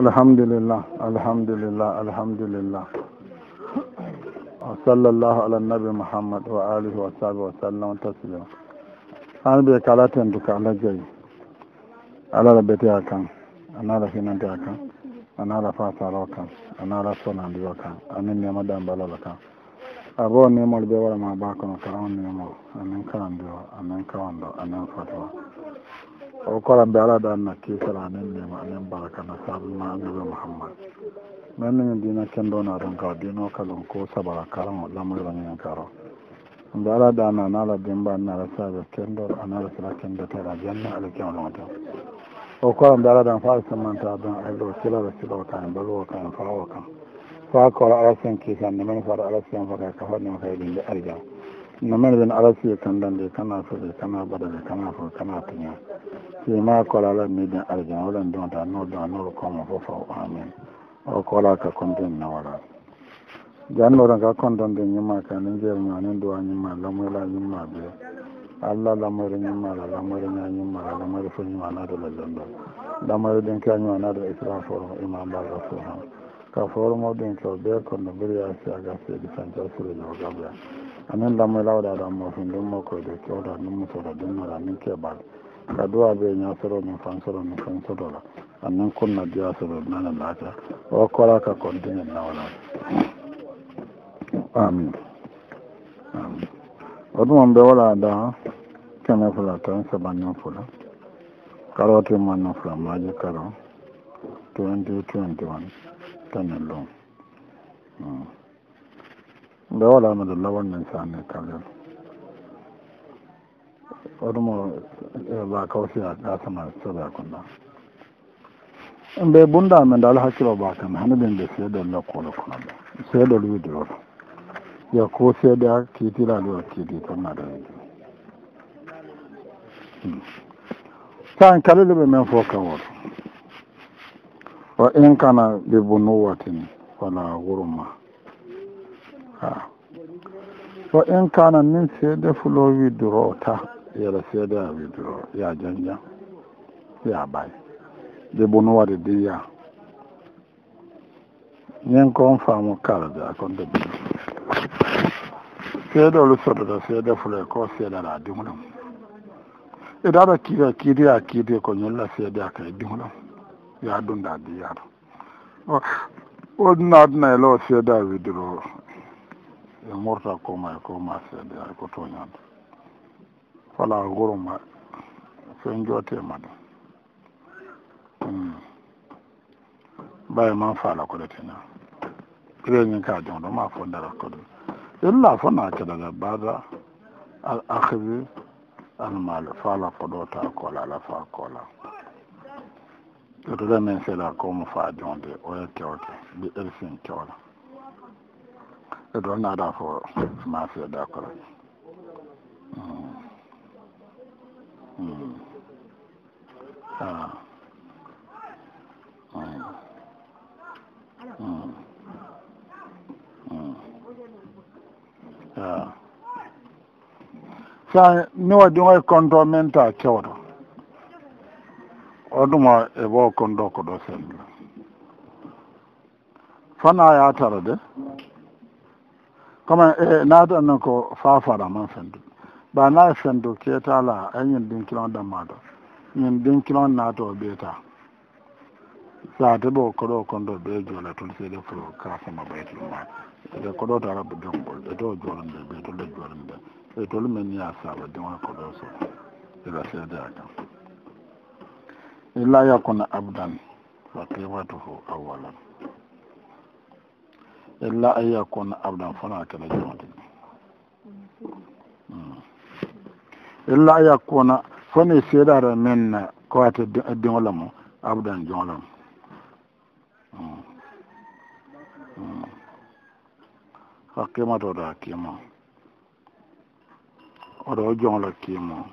alhamdulillah alhamdulillah alhamdulillah wa sallallahu ala nabi mouhammad wa alihi wasahbi wa sallam taslima hani ɓe kala ten du ka ala jeyi ala la ɓeteya kan ana ala hinanteya kan ana ala fasaro kan ana ala sonandiyo kan amin nema dambalala kan abo nimol ɓe warama ɓa kono kara o nimol amin karandiyo amin kawando amin fatwa o kola mbi ala da anna kisala anen nima anen baraka na salna annabi mouhammad min ni dina kendona ton kaw dino kalon ko sabara karao lamuranen karo mbi ala da anna anala dimba anara sabe kendor anara sila kendotera janna alikeo longto o kola mbi ala dan fa simanta don ayilo kilaro kilao kan baluwo kan fawo kan fa kola alasen kisa nimen fata alasen fata kafa nima kaydi mbi arjan no man wen ala fiye kan dande kana fode kana badade kana fo kana tiña si ma kola la mi den aljana wolen donta no da nor koma fo faw amin o kola ka konten na wala jannoren ka konton de ñima ka ni njerma ni duwa ñima lamoy la ñima be allah lamoyre ñima la lamoyre ña ñima la lamoyre fo ñima nata la lendol lamoyre den ka ñima nata islam forum imambal rasul ham ka forum o ɗin to ɓe kono mbiri yasi aga seedi sancar surejo o gabya amin lamu lawɗa ɗo ammafin ɗum makoyde kewta nummusoɗa ɗummara min keɓal ka duwa be ñasoro min fansoro min fansotola annen kunna diyasoro nane laata o koraka kontine nawla amin amin oɗumon ɓe wola da kene fula tan sabanin fula karoti manno fula maji karo 2021 tanen lom ɓe walama ɗo lawan men sanne kalel oɗumo la e, kawsiya ɗasama soɓa konɗa ɓe bunda men ndal hakkilo ba kam hano ɓen ɓe seeɗol lokkolo konoɓe seeɗol widrol yo ko seeɗe a kiitiraɗo kiiti tonnaɗo wido hmm. san kalel ɓe men fo kawol o inkana ɓe bunuwatin wala wuro ma to en kanan nin seede fulo widduro ta yere seede a widduro ya jangjang ya bay de bono wari di ya ñen koon faamu kalade a konde bi seedeolu sodoto seede fuloye ko seedala dimuɗum idaɗo e kiide kiidi a kiidi ko ñolla seede a kay e dimuɗum ya dunda di yaato o naduna elo seede a widduro ɓe morta koma e koma seeɗe ay ko toñanta fala goro ma fen jote mane mbawi man fala ko ɗetena reñin ka jongɗo ma fo ndara ko ɗum illa fo na keɗaga bada al ahdi almale fala ko ɗo ta kola ala fa kola yetoɗe min seeɗa komo fa jongde oya kewte ɓi elsin kewla e ɗo naɗa fo mafia e d' accord sa mi wa ɗum oye konto min ta kewto o ɗuma e wo konto ko ɗo sendla fana yatara de kama e naade annon ko faafara man sendu ba nawi sendu keetaala e ñin ɗin kilon ɗammaɗo ñin ɗin kilon naato o ɓeeta saate ɓo koɗo konɗo ɓe joola tol seeɗe pour kasama baytulma ede koɗo to arabu dengol ede o joolande ɓe tolle joolande e tol men niya saaba dima koɗo so ila e seede a kan illa yakuna abdan fa qimatuhu awalan ella a yiya kon abdan fana kela jamatini hmm. ella a yiya kona fani seedara men kowate diŋolamo abdan joŋolamo ha hmm. hmm. kima toda kima oɗo joŋola kima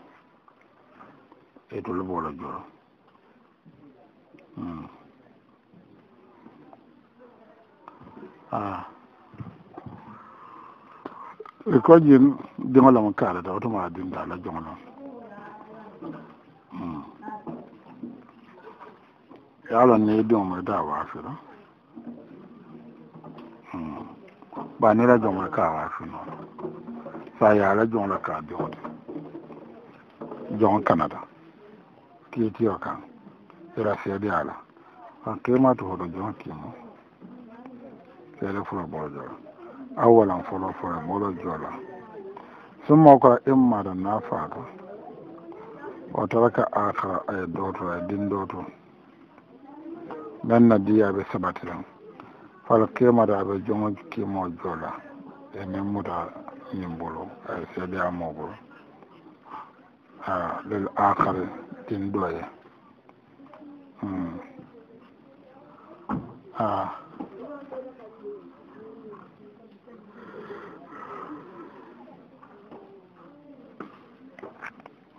e tulbola joro Mm-hmm. Ah. e ko ñin diŋolam kaalata wo tuma dinta la joŋolam hmm. ye ala ni e diŋo ma ita waafira hmm. ba ni la joŋola ka waafi noo sa ye ala joŋola ka diŋote joŋo kanada kiitiyo kaŋ ira seedi ala kan kiimaatu hodo joŋo kiimo fiyɛlɛ fura bɔrɔ jɔ la aw walan fɔlɔ fɔlɔ bɔrɔ jɔ la sumaworo ka e ma da n'a fa kan o taara ka a kara a ye dɔ to a ye den dɔ diya bɛ sabati la fal kema da bɛ jɔn kema jɔ la e min muta nin bolo a ye a mɔ bolo aa lel a kari den dɔ ye hmm. aa.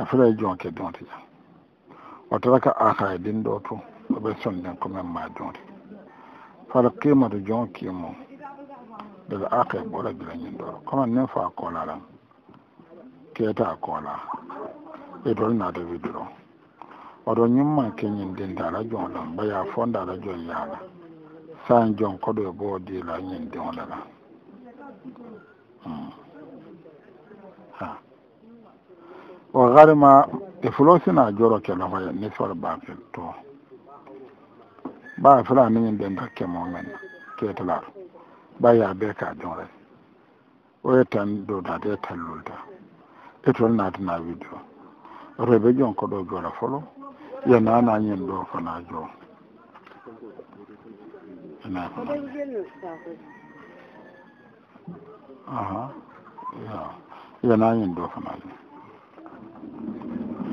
e fula jonke donti jam o taraka akara din ɗo to oɓe sonden ko men ma jonti fala qimatu jonki mum daga aka ɓora birañin ɗo koman nen fa kolaran keta kola e dol naata widiro oɗo ñimman keñin dindala jon ɗon mbaya fondala jon yaala san jon koɗo e bo dila ñin la ha E o harima na fulo sina joro ke la hoya ni sor ba ke to ba fura ni den da ke mo men ke tala ba ya be ka don re o tan do da de talulta e to e na na video rebe jon ko do jora folo ya na na nyen do na jo na fana aha ya ya na nyen do na jo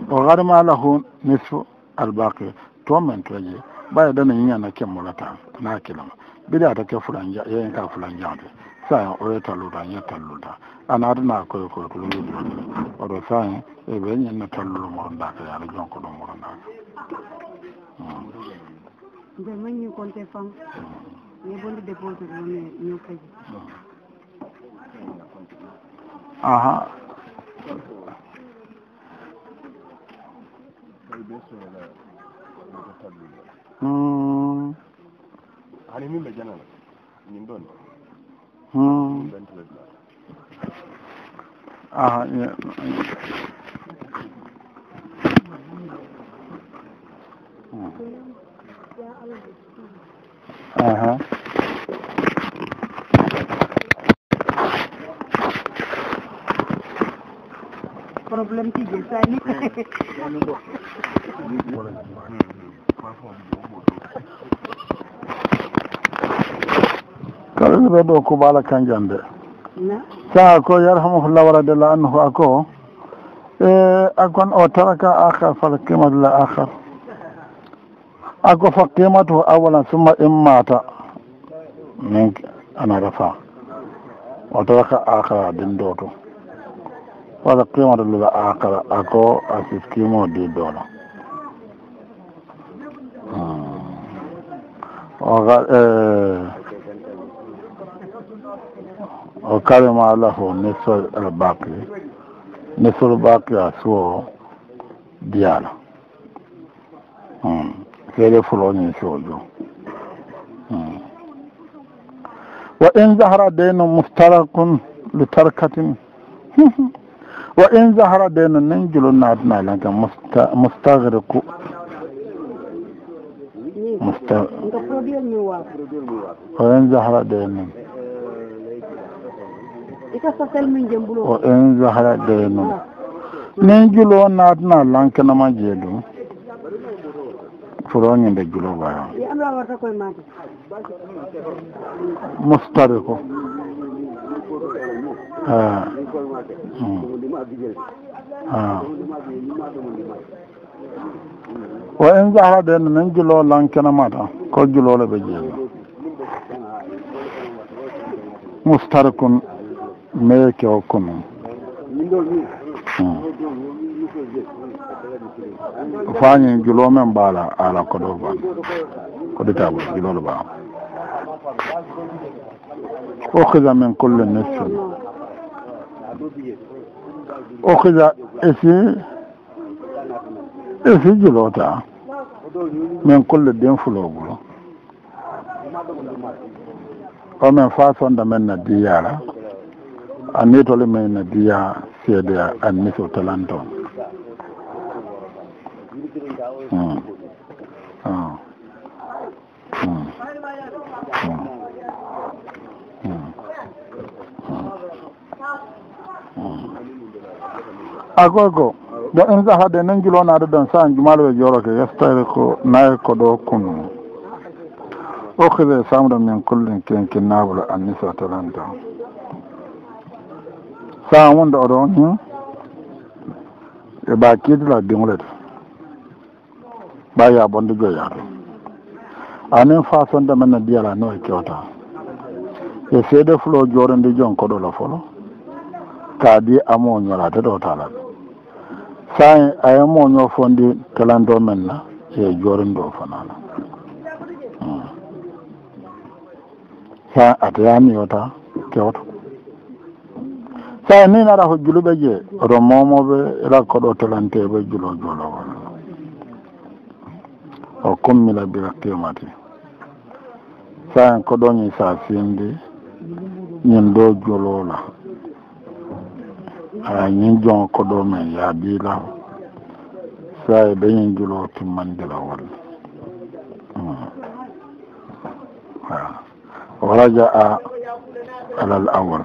o harma lahu nisfu albaqi to men toje ɓaya dana yiñana kemmolata na kilama ɓiɗa ta ke fulanja yeyen ka fulanjande sae oye talluda ye talluda anaatana koye koye kolo jojoni oɗo sae e ɓe ñinna tallulu moronɗaka e yaara jonko ɗo moronɗaka nde ma ñi compté fam ye bonde dépose ɗone ñokaji aha hani min ɓe janan min ɗon aha probléme ti je sani kalinire ɗo kuɓala kanjande saha ko yarhamahullah waradilla annahu a ko e akon o taraka ahar fal qimatla ahar ako fa qimatuhu awalan summa in mata min ana rafa o taraka ahara din ɗo to wala kimatalila akala ako asiskimo didono hmm. oka e, o kalima lahu nisol albaki nisol baki a suwo diyala kede hmm. fuloñin sojo hmm. wa in zahara deno mustarakun li tarkatin wa in zahara deno nen julo naatana lanka mustagriku wa in zahara denon wa in zahara denon nen julo naatana lanka nama jeedu foroñinde julo baya mustariku école hmm. ah. ma de omo ndima abijel omodimaabije ndima ɗomo ndima wa en jahra de no min julo lankene mata ko julole ɓe jeeyi mustare kon meyeke o commun fañi julo men mbaala ala ko ɗo ban ko ɗitaɓo julole ba okkisa min kolle neccune o kiƴa essi essi jilota min kulle din fulogulo o min fa sonda min na diyara anni toli min na diya seedea an miso talanton hmm. a go go do in saha de nen gilonade ɗon sa jumalɓe joroke yestere ko naye ko ɗo kun okide samɗo min kullin ken kinnabula annisa talanta sa wonde oɗo ni e ɓa kidla dinglede ɓaya bonde joyade anin façon de mene diyala no e kewta e seede fulo jorendi joon koɗola folo ta di amo ñolate ɗo talaɓe sayin a hmm. yi mo ɲɔ fɔ ndi kalan dɔ min na ye jɔrin dɔ fana na Saa a tɛ y'a miyɔ ta kɛwɔtɔ sayin ni nana fɔ julu bɛ jɛ o dɔ mɔmɔ bɛ ira kɔdɔ kalan tɛ bɛ julo jɔlɔ kɔnɔ o kun mi la bira tema te sayin kɔdɔ ɲi sa sendi ɲin dɔ jɔlɔ la a ñiñjon ko ɗo men yaabiila sa e dañin julo timmandilawol hmm. wa raja a alal awol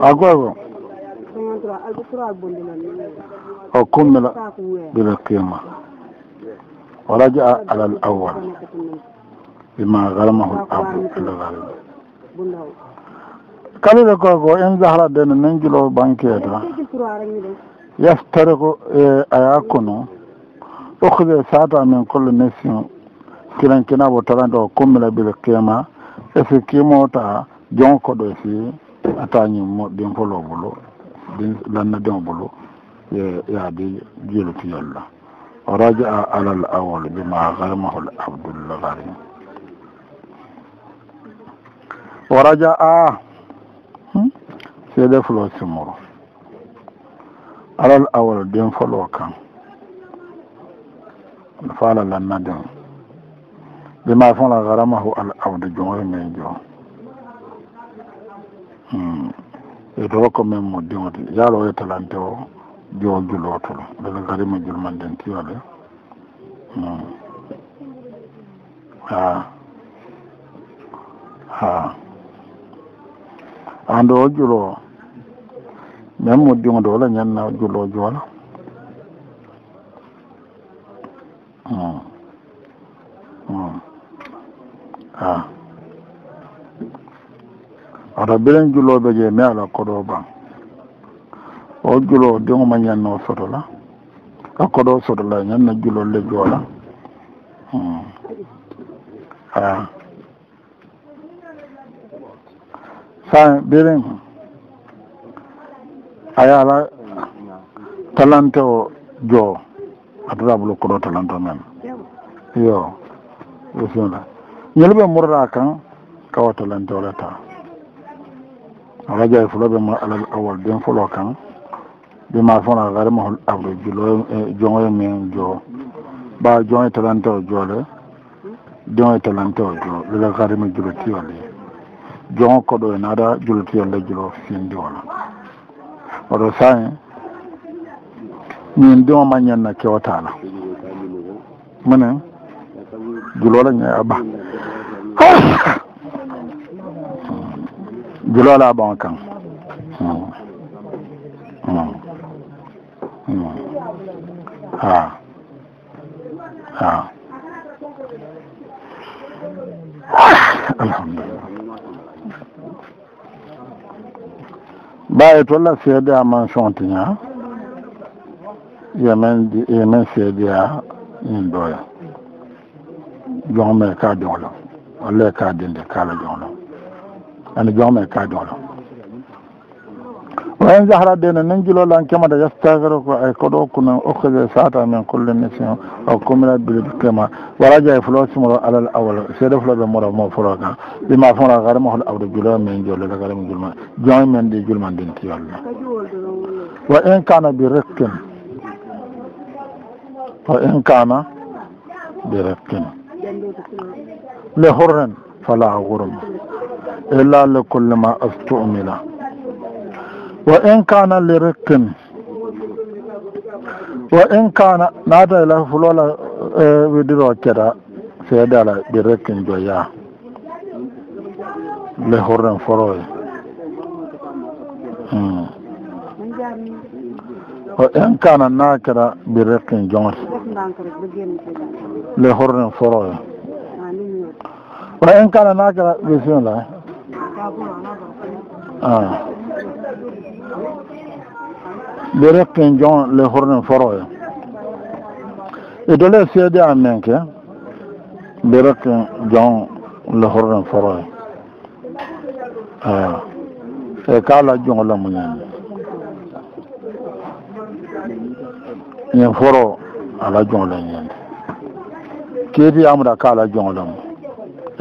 a goygo o kummila bila qima o raja'a ala al awal bima galmahu l abu ila lalla kalile gogo en jahra dene nanjulo bankeeta yaftariko e aya kono ukde sata min kolle nesion kirankinabo tarande o kummila bila qima e si kimota jonko ɗo si ataañi moɗɗin folo bolo ɗin lanna deŋbolu ye yaadi jilutiyol la o radi a alal awol bi ma garmahol abdulla gari o radia a hmm? seede fulo simoro alal awol ɗin folo kan fala lanna ɗin bi ma fola garamahu al abdu jumre men jo hmm. e do ko men mo diŋote yaalo o yetalante o joo julo tol ɗele gari mo julmanden tiyole ha hmm. ha ande o julo men mo diŋode wola ñanna julo joola Ah. Uh. ata bilen julloɓe je mi ala koɗo ban o julo dingoma ñanno sotola a koɗo sotola ñanna julol le joola hmm. a sa bilen a yala talante o jo atatabolo koɗo talante men yo bisimila ñalɓe murata kan kawa talante o le ta araja e fulaɓe mo alaɓe awal den folo kan ɓima fon a gare mahol abre juloy jongoye min jo ɓa jongoye talante o joole jongoye talante o joo lele garemi julotiyolle jongo koɗo e naada julotiyolle julo findi wala oɗo sani min dimo mañenna kewotala minen julole ñe a ba julo ala ɓon kan hmm. Hmm. Hmm. ha ha alhamdulillah ɓawi e tolla seede aman chontiña yemen yemen seedeya in ɗoya jongme ka jonglo walla ka dinde kala jonglom ene joome e kaade oɗon wayen jahra de no nanguilolan kemata yastagre ko ay e koɗo kono occasé sata men collémission o commilade bile clément wala jaye fulowo simoro alal awol seeɗa fuloɓe moro mo fulo ka ɓima fumoro kare ma hoto awde juula men jolleda kare mo julma joy men ɗi julmandinti yolla wa inkana bi rekkin wa inkana bi rekkin le hurren fala wurma ila le kullima astumina wa in kana lirikin wa in kana naata ila fulola widiro ceda seedala ɗi rikin joya le hurren foroy o en kana naakira bi rekin jongot le horren foroyo o en kana naakira bisimilah Ah. ɓe rekkin jon le horne foroyo e dole seede amen ke ɓe rekkin jon le horne foroyo ah. e kala jongola muñani ñin foro ala jongola ñande keeti amuda kala jongolamu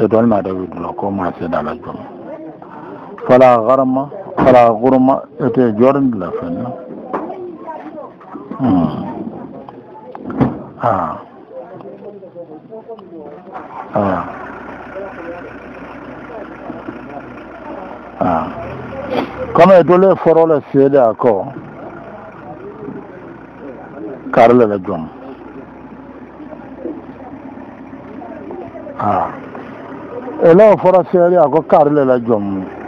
e dolnaada wiidulo ko maseeda ala jongo fala garma fala gurma ete jorde la fenna hmm. ah. ah. ah. kono e dole forole seede a ko karle le jom ah elo fora seede a ko karle le jom ah.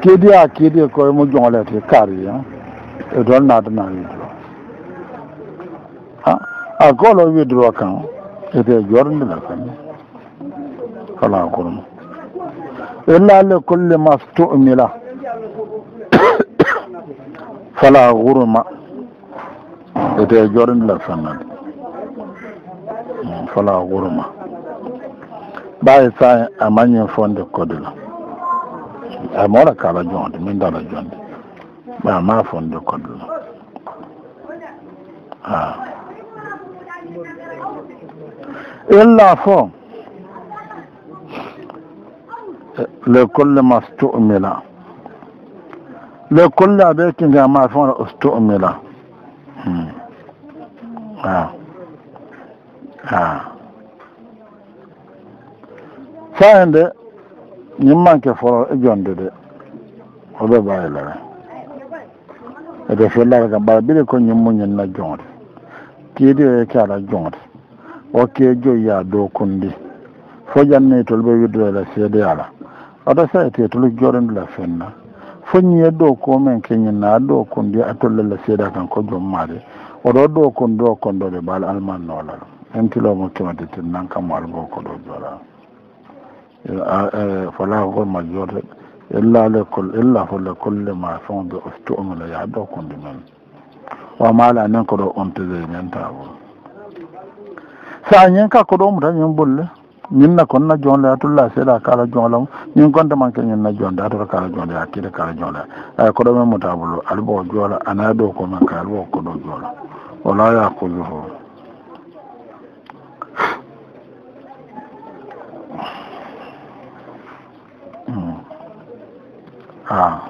kiidi e e a kiidi koye mu jongle ti kari e don naadana widro a golo widro kan ete jorndile kan fala kurma illa li culle mastumila fala gurma ete jorndile fenade fala gurma ɓay sa a mañin fonde kodila eyyi mawɗa kala jonde min dala jonde ɓa ma fonde koddo ɗum a illa fo e, le kolle ma stumila le kolle a ɓee kinga ma fona stumila hmm. a a fa hende ñim manque foro e jonde de oɗo bayilare ede fillata kam ɓaɗa ɓiɗe ko ñim muñinna jonde kiidi e kaala jonde okke joyiya dow kundi fo janni tol ɓe widdoyla e seede ala oɗo sayte tolu jorendula fenna fo ñiye dow komen keñinna dow kundi a tollela seeda kan ko jommade oɗo dow kondi o kondode ɓaal almannolal en tilomo kimaditin nan kammo algo ko ɗo jorama fala ko majjorde illa lekol illa fo lekol le ma feŋo be o tuoŋo le ya do kondi men wa maala anen ko ɗo ontere men tabo sa a ñin ka ko ɗo muta ñin ɓolle ñin na kon na jonle atulla seeɗa kala jonlemo ñin konte manke ñin na jonde atoto kala jonle a kiide kala jonle ay ko ɗo men mutabolo alibo joola ana ye ɗo ko men ka alibo ko ɗo joola wala yakuli fo a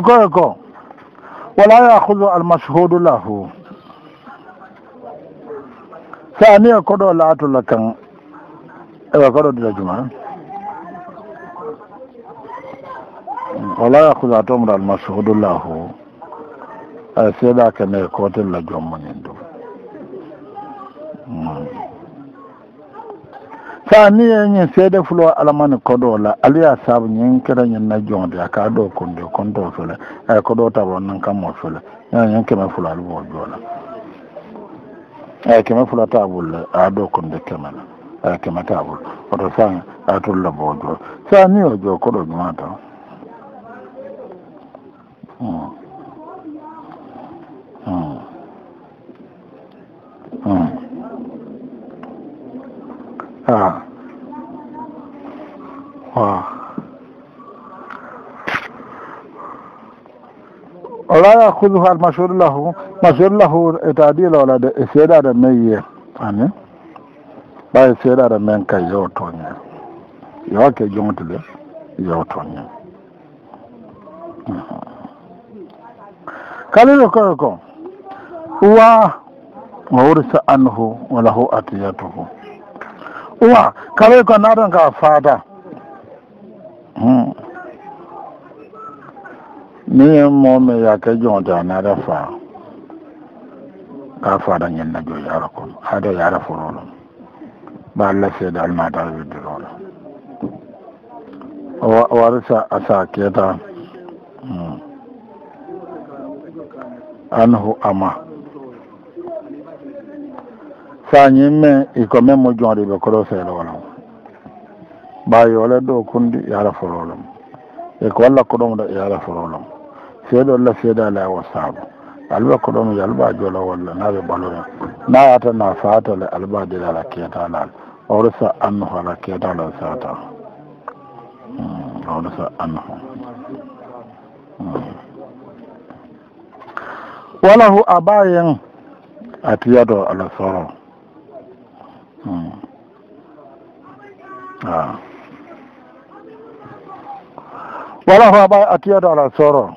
go e go wala yakhudu almashhudu lahu sa ani e koɗo laatula kan ewa koɗo dila juma eh? wala yakhudu atomra almashhudu lahu aya seeɗa kene e kotella jommo nin ɗum sa ni ñin seede fulo alamani kodo la aluya saabu ñin kere ñin na jonde aka do kondi konto fele ay kodo tabo nan kammo fele ñana ñin keme fulo alubo joola ay keme fulo tabul le a do kondi keme la ay keme tabul oto sa atul labo joo sa ni o joo koɗo juma tan la yakuduha almashur lahu mashur lahu etadila wala de e seeɗaɗa men yiye ani ɓaye seeɗaɗa men kay yewtoñe yowake jongtude yewtoñe uhuh. kalido koye ko wa wawrisa anhu walahu atiyatuhu wa kalido ko naɗon ka fada niyen moome yaake jonte anara faa ka fara ñinna jo yara kono ado yara forolo ba alla seeda almata widdirola wari sa sa keeta hmm. anhu ama sa ñin me i ko men mo jonri ɓe koro seerola ba yoole ɗo kundi yara forolom e ko walla koɗomɗo yara forolom سيد الله سيد الله وصحابه ألبا كلهم يلبا جولا ولا نبي بالونا نا أتنا ساتا لألبا جلا ركيتا نال أورسا أنه ركيتا لساتا أورسا أنه وله أباين أتيادو على صورة آه. وله أباين أتيادو على صورة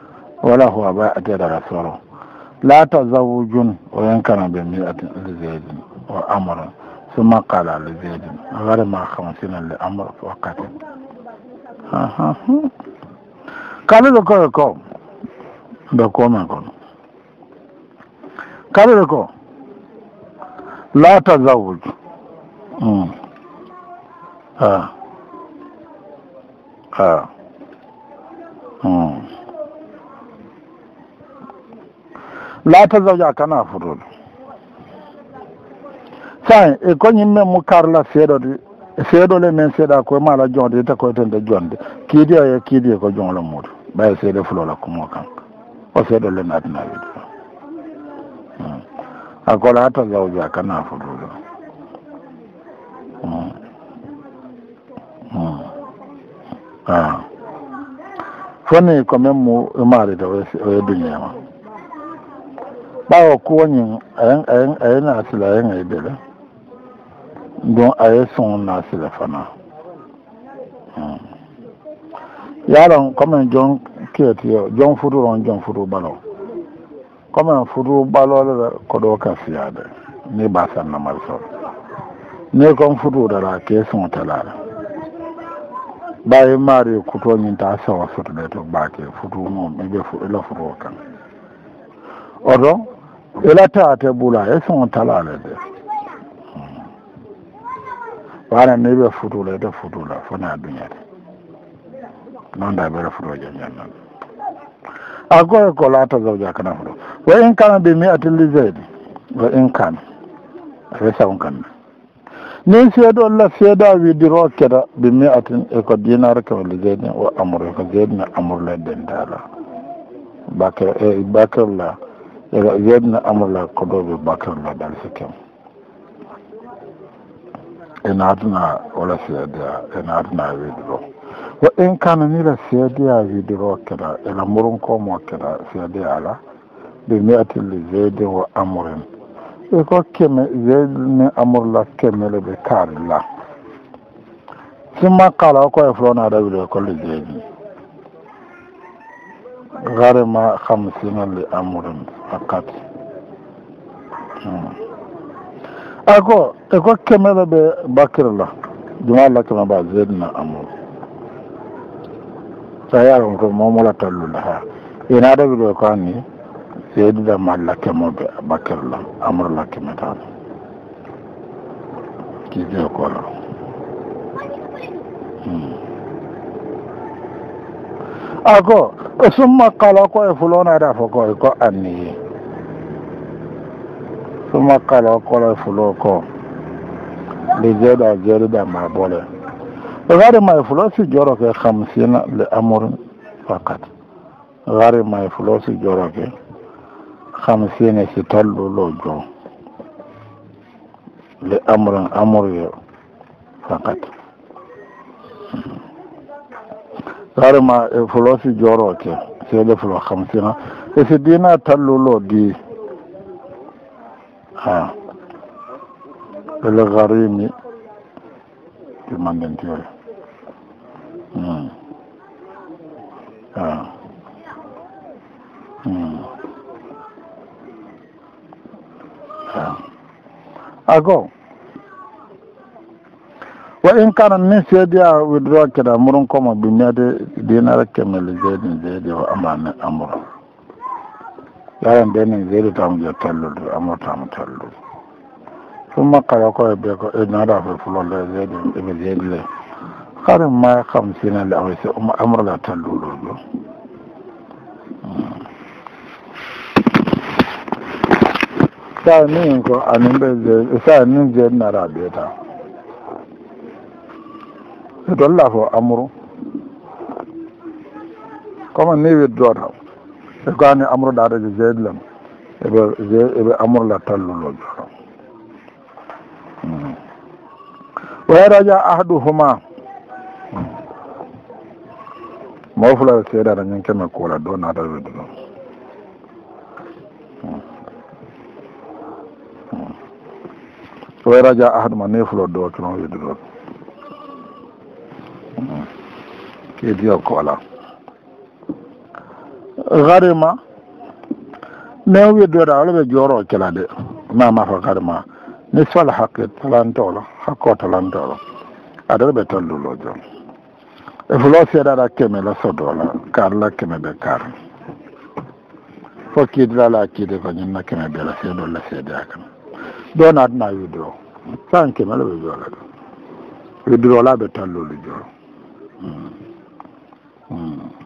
wala ho aɓa addeɗaga soro laata zawujun o yankana ɓe miɗati lzeydin o amron so makkala lzeydin awara ma kamsina le amr wakkati kalude koye ko ɓe komen kon kalude ko laata zawuj a a um laata zawja kana fotoɗo san e koñimmen mo karla seeɗoɗe seeɗole men seeɗa koye mala jonde ita e koyetende jonde kiidi o e kiidi ko jonglo muɗum ɓaye seeɗe fulola kumo kan o seeɗole natina wiɗ hmm. ako laata zawja kana fotoɗo hmm. hmm. ah. fonni ko men mo e maarita oye duñema ɓawo kuwa ñin ayen ayen ayen asila ayen ay bele don aye sun na asila fana mm. yaron comme jon ketiyo jon furu ron jon furu balo comme furu balo le kodo ka fiyade e ni basan na marso ne kon furu dara ke sun talara bayi mari kuto ñin ta sawa wasu de to ke furu mo e be fu ila e furu kan odo ela tawate ɓuula e son talale de wane ni ɓe futula ete futula fone a duñete noon da ɓere futo jañanna a goye ko e laata zawja kana futo wo in kame ɓi mi utilise di wo in kame afe sawn kamme nin seedo la seeda widiroo keɗa ɓi mi ati eko dinare kemale zedin o amour eko zedine amour le dentala bakr e bakr la yaga yedna amala koɗoɓe batolla ɗalsi kam en aduna wala seedea en aduna wiideɗo wa in kana nila seedea wiideɗo keɗa ela morum komo keɗa seede ala ɓe mi'atilli weyde wo amoren ɓe ko keme weydini amorla kemele ɓe kaari la simma kala o koye fulona rawiri e kolle jeeni garema hamsinalli amoren fakkat hmm. a ko e ko kemere ɓe bakkira la juma allah kema ba zedna amour sa yaron ko momola tallude ha ina ɗawiɗo e kani seedida malla kemoɓe bakkira la amour la kemetani kiɓe kola hmm. a ko e summa kala ko e fulonaɗa fo ko e ko anniyi suma kala o kolo e fulo ko nde jeeɗa jeeɗiɗa ma bole gari ma e fulo si joroke hamsina le amour fakat gari ma e fulo si joroke hamsina si tolɗulo jo le amour amour yo fakat gari ma e fulo si joroke seeɗe fulo hamsina e si dina tallulo di ɓele garimi timmandentiyoy hmm. hmm. a go wa in kana min seedi a widdoakeɗa muɗum koma bimede dinare kemmele jeeɗin jeeɗi o amba ne amoro yaran ɓene jeeritamo je tallude amortamo tallude ɗum makkala koye ɓe ko e naɗa fo e fulolle jeeɗi ɓe jeeɗile kare ma kam sinalle awse amrola talluɗo ɗo hmm. sanin ko anin ɓe jeeɗi sanin jeeɗi naɗa ɓeeta e dolla fo amru comme ni widdo tam est ce que ani amroɗa rede jeeɗilam eɓe eɓe amrola tallulo jono hmm. wayraja ahduhuma mawfulare hmm. seeɗe aɗa ñin keme kuula do naata wedde ɗum hmm. wayraja ahduma niifulo do kinon wedde ɗo kedio koala mm. garema min widdoɗa ala ɓe joro celade mamata garema ni sol hakke talantolo hakko talantolo aɗaɗa ɓe tallulo jon e fulo seeɗaɗa keme la sodola kar la keme ɓe kar fo kiidlala kiide koñinna keme bela seeɗolla seede akam ɗo naatna widdro san keme la ɓe joola ɗo widdro la ɓe tallulu joro Mm-hmm. Hmm.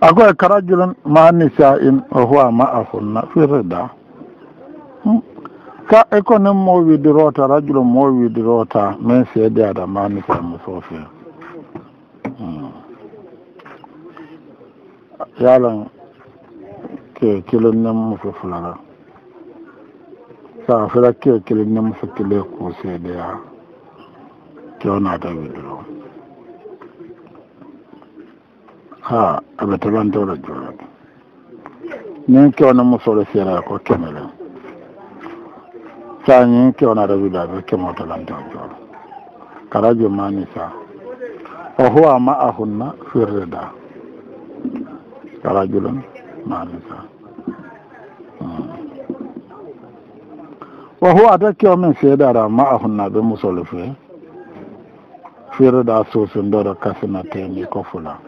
ago e karajulan ma anisa in o howa ma afonna firreda hmm? ka eko nen mo widirota rajulo mo widirota min seede ada ma anisa mo soofe hmm. yalan ke kilin nen muso fulara sa fira ke kilin nen muso kile ku seedeya ke onata widiro ha aɓe tagantore jurat min kewna musole sera ko kemele sa min kewna rewidaɓe kemo tagante jor ka radio mani sa o howa ma a hunna firde da ka radio lon mani sa hmm. o howata kew men seedara ma a hunnaɓe musole fe firde da susu ndoro kasina teni ko fula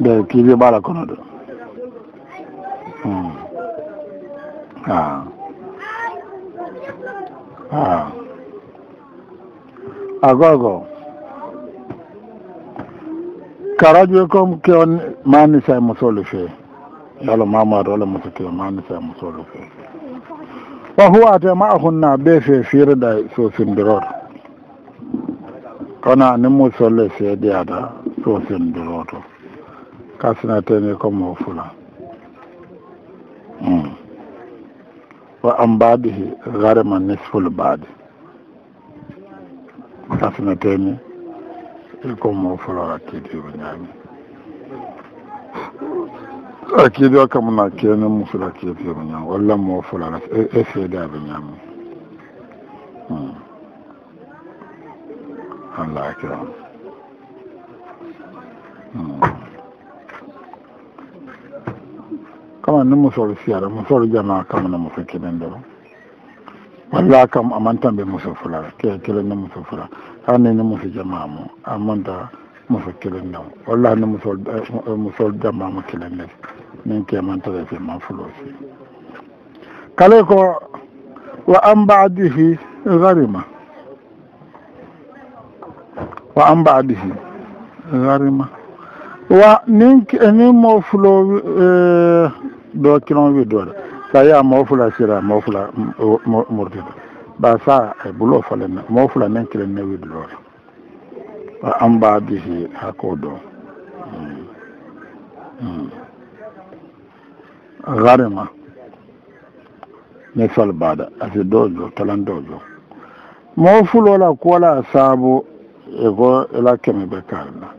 de kiibe bala kono ɗo a hmm. a ah. agogo ah. ah, karajue comme ke on manisa e mosole fe yaalo mamado ala moso ke manisa e mosole fe wa huwate ma hunna ɓe fe fiireɗa sosindiroto kono ni mosolle seediyata sosindiroto kasinatene ko mo fula hmm. wa an baadihi garema nisful baadi kasinatene il ko mo fula akidio ñaami akidio kamana kene musula kidio ñaami walla mo fula la essede e aɓe ñaami hmm. an lakiram Mm-hmm. kama ni musol siyara musol jama kama na muso kelen dɔrɔn wala kam a man tan bɛ muso fila kɛ kelen ni muso fila hali ni ni muso jama mu a man ta muso kelen dɔn wala ni muso muso jama mu kelen dɛ ni kɛ man ta fɛ ma fɔlɔ si kale ko wa an b'a dihi garima wa an b'a dihi garima wa min min mofulo ɗo kino widdoɗe so yiya mofula sira mofula mordida ɓa sa e bulo falene mofula min kiren ne widdoɗo a amba bihi ha ko do hmm. hmm. garima ni fal baɗa afi dojo talan dojo mofulola kuwala sabu e go ela keme ɓe kalna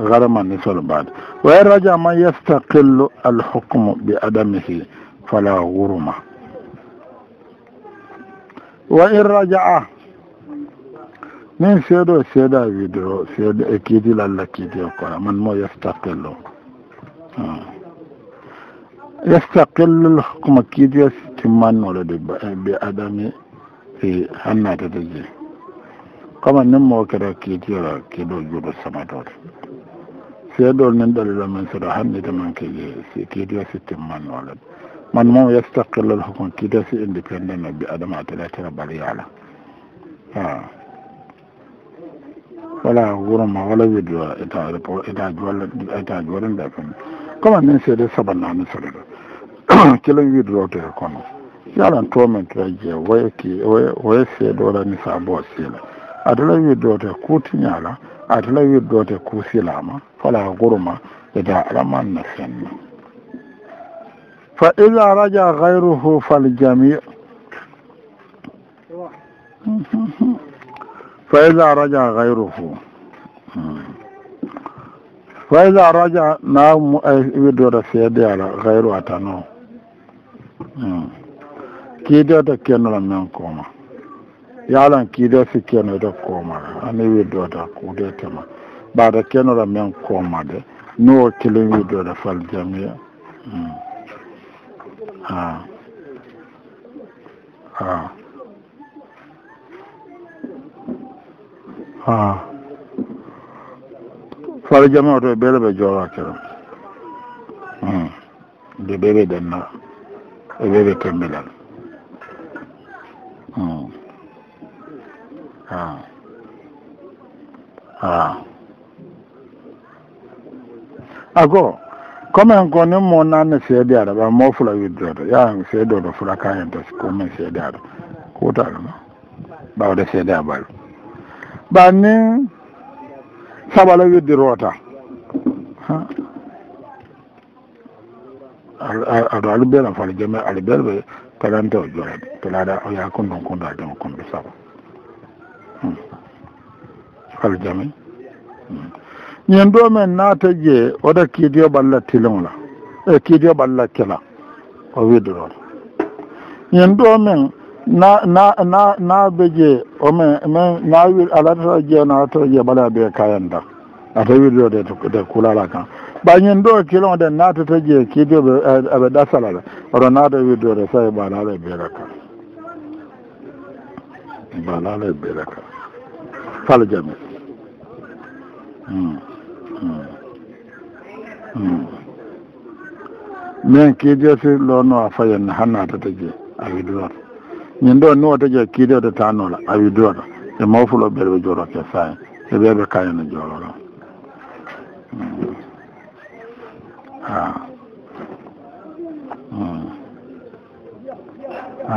غرما نسل بعد وإن رجع من يستقل الحكم بأدمه فلا غرما وإن رجع من سيدو سيدا فيدرو سيد أكيد لا أكيد يقول من ما يستقل آه. يستقل الحكم أكيد يستمان ولد بعدمه في هنا تتجي كما نمو كده kɛra k'i tiyara k'i dɔ seeɗol min ɗalila min soɗa hannide man kiji si kidiyosi timman noole man mom yastaqillal hokon kidiyosi indépendant no bi adama teletera bal yaala a voilà wuroma wala widio étage étage walla étage walla nde fen comment min seede sabannami soɗa ɗo kilan widrote e kono yalan tomen tiraje e woye ki woye seeɗolani sa boosiila adala widrote kuutiñala atla wirdode kusilama fala goroma eda alamanna senna fa ida raja gayruhu faljami fa ida raja gayruhu fa ida raja na ay e, wirdode seede ala gayru atano hmm. kiidode kennola men koma yalan kiide si kenode kooma ani widdode kuude tema ɓaada kenora men kooma de nu o kilin widdode fal jamiya a hmm. a ah. a ah. ah. fal jamiya oto ɓele e ɓe joora kero hmm. de ɓeɓe ɗenna e ɓeɓe tembilal Mm-hmm. ah ah ago comme en konen mo nanne seede ara ɓa mo fula widdode ya seede oɗo fula ka hen tas komin seede ara kutaɗuma ɓawde seede a ɓalu ɓan ni saɓala widdi roota aɗo alu bela fala jomi alu belɓe talante o joraɗe talaɗa o yaha kondun kondu a jomo kondu saɓa aljami ñin do men naata je oɗa kiidi yo ɓalla tilola e kiidi yo ɓalla kela o wiide ɗon ñin ɗo men na na naɓe je ome men na wi alatata je naata je ɓala ɓe kayanda ata wiideɗo de kulala kan ɓa ñin ɗo kilon ɗen naatata je kiidi yo ɓe ɗasalale oɗo naata wiideɗo de sawi ɓalala e beera kan ɓalala e beera kan falo jaami min kiidiyoti loono a fayenne han naatata jee a widuwata ñin ɗo niwata jee kiidiyode tanola a widuwata e mawfulo ɓeɗe ɓe jooroke saye e ɓeɓe kayene jooroɗo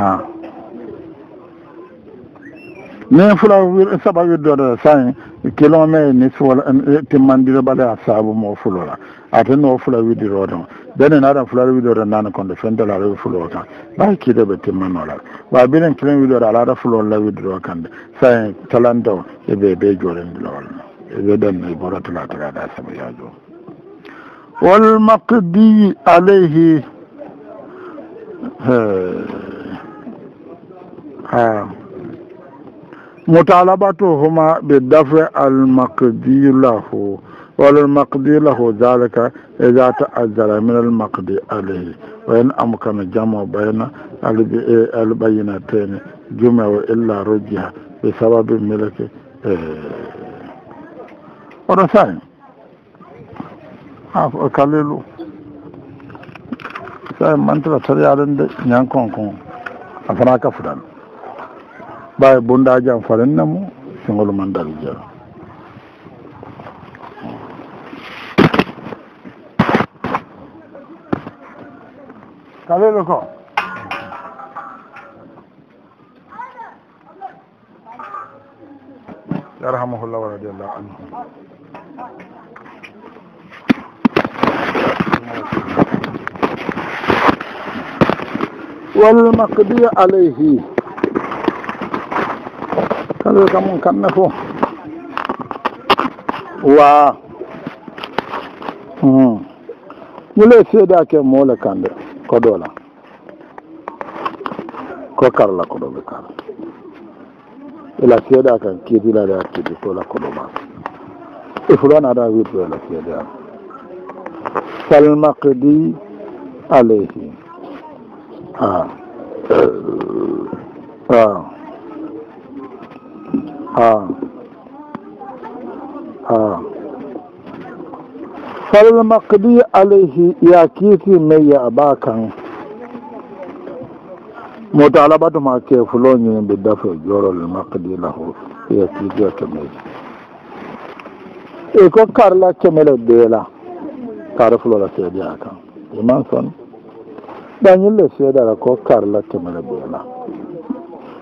a a min fula saɓa widdode san kilomètre ni sowla eh, eh, timmandiro ɓale a saabu mo fulola atani o fula widdirode o beni naɗan fulaɗa widdode nane konde fentele aɗa fulo kan ɓay kiide ɓe timmannolal wa ɓiren kilom widdode ala aɗa fulolla widdiro kande san talante o eɓe ɓe joɗendilowolno e eɓe ɗenne boratulatagaɗa saɓa yajo walmakdiyi alayhi a hey. hey. mutalaba to huma ɓe dafe almakdilahu walla almakdilahu dalika eda ta addara min almakdi alayhi wayan amkano jamo ɓayna alɓe e alɓayinatene jume o illa rojjiha ɓe sababi milake e oɗo sani a kalilu sa mantira tariyalen de ñankon kon a fana ka fuɗan ɓawi bondaji am falennamo sigolu man dal jeero kalelo ko yarhamahullah radiallahu anhu walmakdi alayhi kalo kam kamɓe fo wa mbule hmm. seedake moole kamɓe ko ɗola ko karla ko ɗoɓe kala ila seeɗa kan kiitilaɗe hakkidi kola koɗoma i e fuɗoan aɗa wirɗo ila e seeɗa falmakdi alayhi a ah. a ah. ha ha falal makdi alayhi ya kiiti may ya aba kan mo talabatuma ke fuloñin ɓe dafe jorol makdi lahu ya kiiti ke may e ko karla kemele deela kare fulola seedea kan iman son ɓañille seedara ko karla kemele deela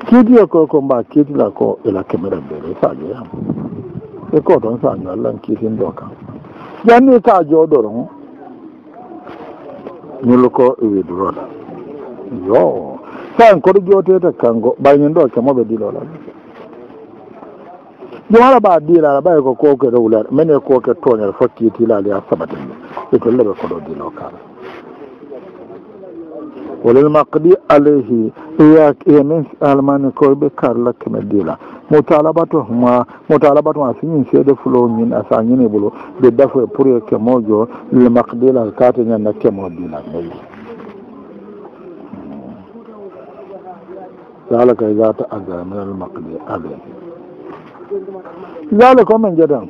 kiitiya ko ko mba kiitila ko ila kemere mbele sajoyam e ko ton sañu allan kiitindo kan janni ka jooɗoron ñul ko e widrola yo san koɗo jooteta kanko ɓaynin ɗo kemoɓe dilola jomara ɓa dilala ɓay ko e kokere wulare mene koke toñere fo kiitilali a sabatinde e golleɓe koɗo dilo kala walel makdi alayhi yak yenes almani koyɓe karla keme dila mutalabatoma mutalabatoma a siñin seede fulo ñin a sa ñini bulu de dafe pour ye kemo jo l makdila kate ñanda kemo dila ayi hmm. zalika zata aga min al makdi alayhi zalika omen jeten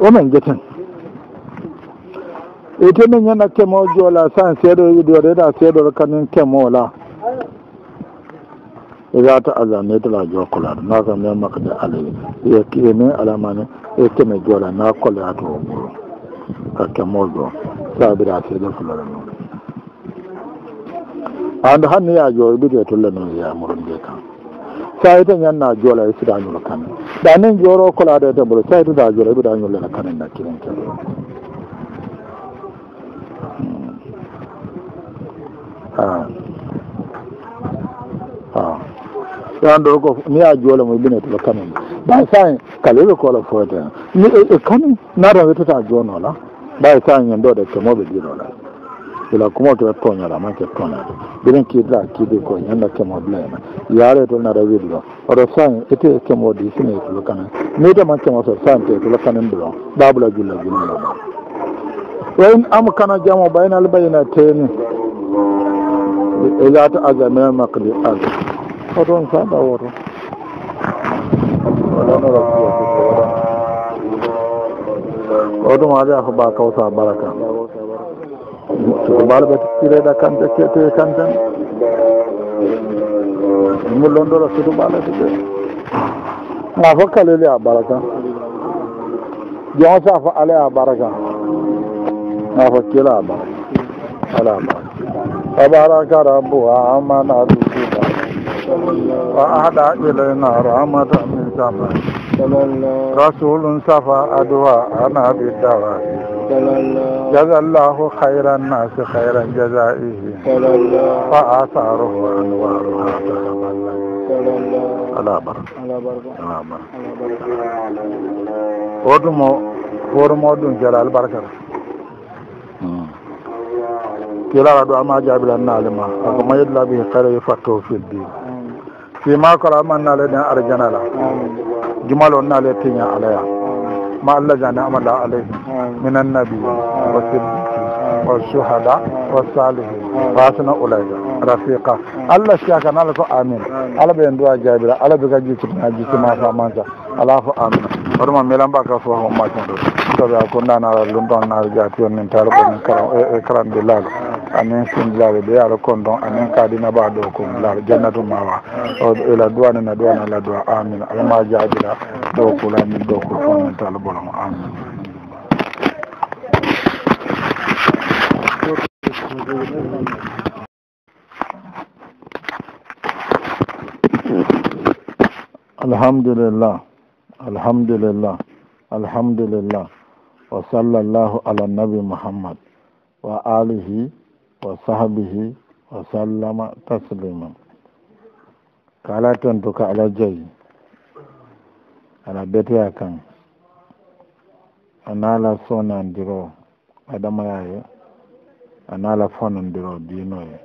omen jeten ite e min ñanda kemoo joola san seeɗo iɗoreɗa seeɗo ro kañum kemoola rata e allah netala jokolaɗo naka mbi makde alah ye kimin alamani e, e keme joola na kolayato o ɓuro ka kemoo joo saabira seeɗo fulora nu ande hanni ya joo ɓite tolle nu ya muron de kan sa ite ñanna joola e siɗañul kane ɗanin jooro kolaɗo ete ɓuro sa itoda joola ɓiɗa ñullene kanen na kirin kelo yan ɗo ko mi ya joole mo ɓine tolo kamin bay sayen kalele kolo foyte mi e, e kami nata wetata joonola bay sayen yen ɗo ɗe ke moɓe ɗinola ila kumo to toñola ma ke toñade ɓiɗen kiitata kiiɗi ko ñanda kemo bilayna yaare tol nata widlo oɗo sayen ete kemo di sine tolo kamin mite ma kemo so sayen te tolo kamin ɓilo ɓabula julla julmoɗo wayn am kana jamo baynal bayna teni e laata aga e mena makka nde aga o toon saaɗa o toon o ɗum adaa ko ɓa kawta baraka soko mbaalo ɓe tireɗa kante ketee kanten mulɗon ɗo rastoto ɓaalete ɓe a fof kalele a baraka jon sa fo ale a baraka a fof kila a baraka ala a baraka تبارك ربها عما نعبد وأهدى إلينا رحمة من سماء رسول صفى أدواءنا بالدواء جزى الله خير الناس خير جزائه بركة على بركة على بركة على بركة على بركة بركة على بركة على بركة ki rara ɗo ama jaabilan naalema oh. ako mayidlaɓi kareyo fatto feddi fi oh. makola aman naale ɗen arjanala oh. jumal on naale tiña alaya ma allah jane amada alayhi minan nabi wa siddiki wa suhada wa salihi wasana ulayga rafiqa allah siyakan alah ko amin alah ɓe en duwa jaabira alah ɓe ka jikitina jikimafa mansa ala fo anna hoɗuma milamba ka sowa hommakima ɗo sabi a gondanara lum ɗon nara jatiyon min tara ɓonin karame e- karamde laaga anin sindilaade ɓe yaara kon don anin kaadinaɓa ɗo ko laara jannatu ma wa ila duwane na duwane ala duwa amin alama jaabira ɗo kulamin ɗo kul fo min tala bolom amin alhamdulillah alhamdulillah alhamdulillah wa sallallahu ala nabi muhammad wa alihi wa sahbihi wa sallama taslima ka ala tontu ka ala joyi ala beteya kan ana ala sonandiro adamaya ye ana ala fonandiro dino ye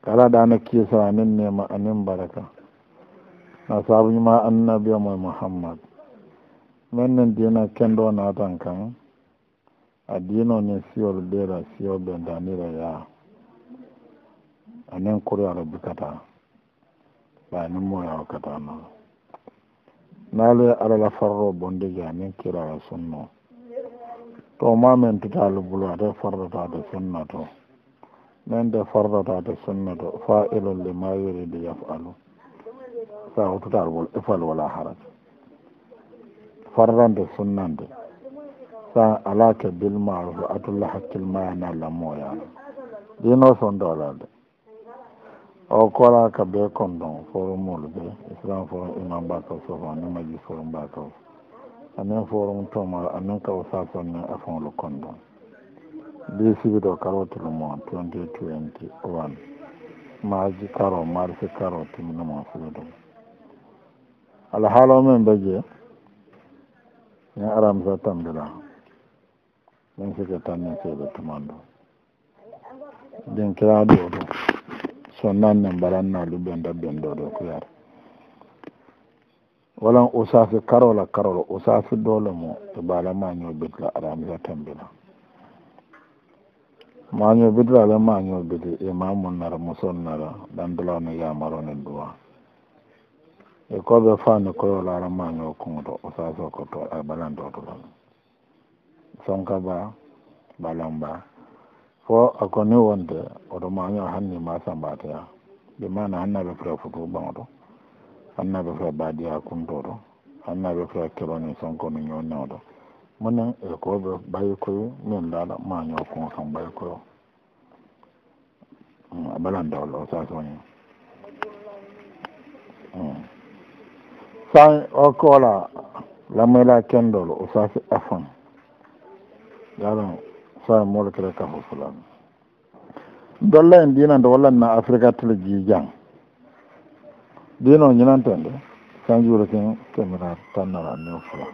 ka ala dano kiisara anin nema anin baraka asabuñuma annabi mo mouhammad min nen dina kendo natan kan a dino nin siyol ɓera siyol ɓe danira ya anen kuryaro bikata ɓanen moyao kata na nale alala farro bondigi anen kirara sunno to ma min tigali bulu ade farrata de sunna to min de farrata de sunna to fa ilo lima yuridi yafalu sa hututar wol ifal wala haraj farrande sunnande sa alake bil maruf atulla hakkil mayana lamoyano dino son dolade o kolaka be kondon forum mol be islam forum imam baka sofa ni maji forum baka amin forum toma amin kawo sasa min afon lo kondon di sibido karoti lo mon 2021 maji karo marse karoti minamon sibido ala haala o men mbaje mi arama sa tamdela min sike tanni keɓe tumando din kira ɗo ɗo so nanne mbaɗanna luɓe dabben ɗo ɗo kuyare walan usafi karola karola usafi dole mo e bala maño bidla aramisa tambila maño bidla ala maño bidi imamu nara musol nara dandulano yamarone duwa e ko ɓe faani koyolara maño kuŋoto o saso ko to a ɓalantoto ɗon sonka ba ɓalan ba fo ako ni wonde oto maño hannima sambateya ɓe mana hannaɓe fere futu ɓaŋoto hannaɓe fere badiya e ko sa o koola lamela kendol o sasi afan yaɗon sa molekere kafofulan dolla en ndinande wallani na africa tele jijan ndino ñinantende cent jour kin temira tannara new fula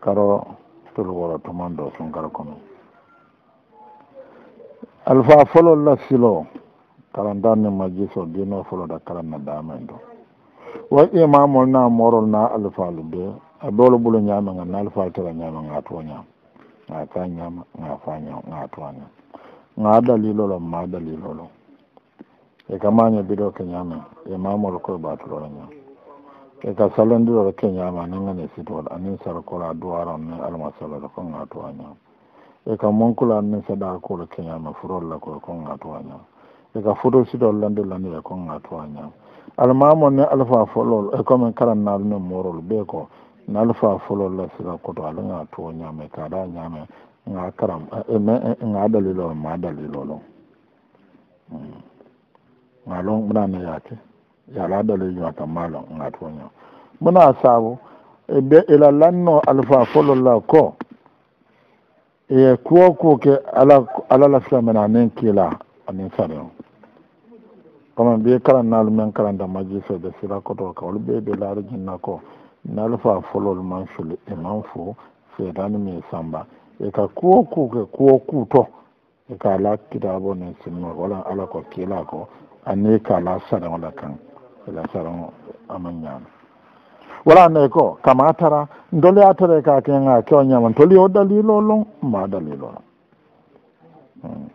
karo tolu wola tuman do sun kara kono alfa folol la silo karantan ni majjiso ndino folo da karanna damen do way ema mol na morol na alfaalu de a doole bulo ñaame nga na alfaal tera ñaame nga to ñaam nga ka ñaama nga fa ñaam nga to ñaam nga dalilolo ma dalilolo e ka maño bido ke ñaame e mamol koy baatulola ñaam e ka salondirolo ke ñaame anin ngani sitoola anin sarkola duwaran ni almasalola ko nga to ñaam e ka monkula anin sadakolo ke ñaame furolla koy ko nga to ñaam e ka futol sitol landi landi e ko nga to ñaam almamo ne alpha folol e comme kala naalu ne morol ɓe ko ne alpha folol la sila koto alanga tuwo ñaame kaɗa ñaame ga karam e, e, e, ga dalilo ma dalilo lon hmm. ga lon ɓnane yaake yala dalilñoata ma lon ga tuwo ñaam ɓna saabu ɓe ila lanno alpha folol la ko e kuwo kuke ala ala la sila mena nin kiila anin sarion kama mbiye kalan naalu men kalanda majisede sirakoto kawolu ɓeyde laaru jinna ko naalu fa fololu man sule e man fo seedani mi samba e ka kuwo kuke kuwo kuuto e ka la kitabo ni sinma wala ala ko kiila ko ani ka la sarao la kan ela sarao ama ñaami wala ne ko kama tara ndole a tara ka kenga kewo ñaama toli o dalilo long mba dalilo long hmm.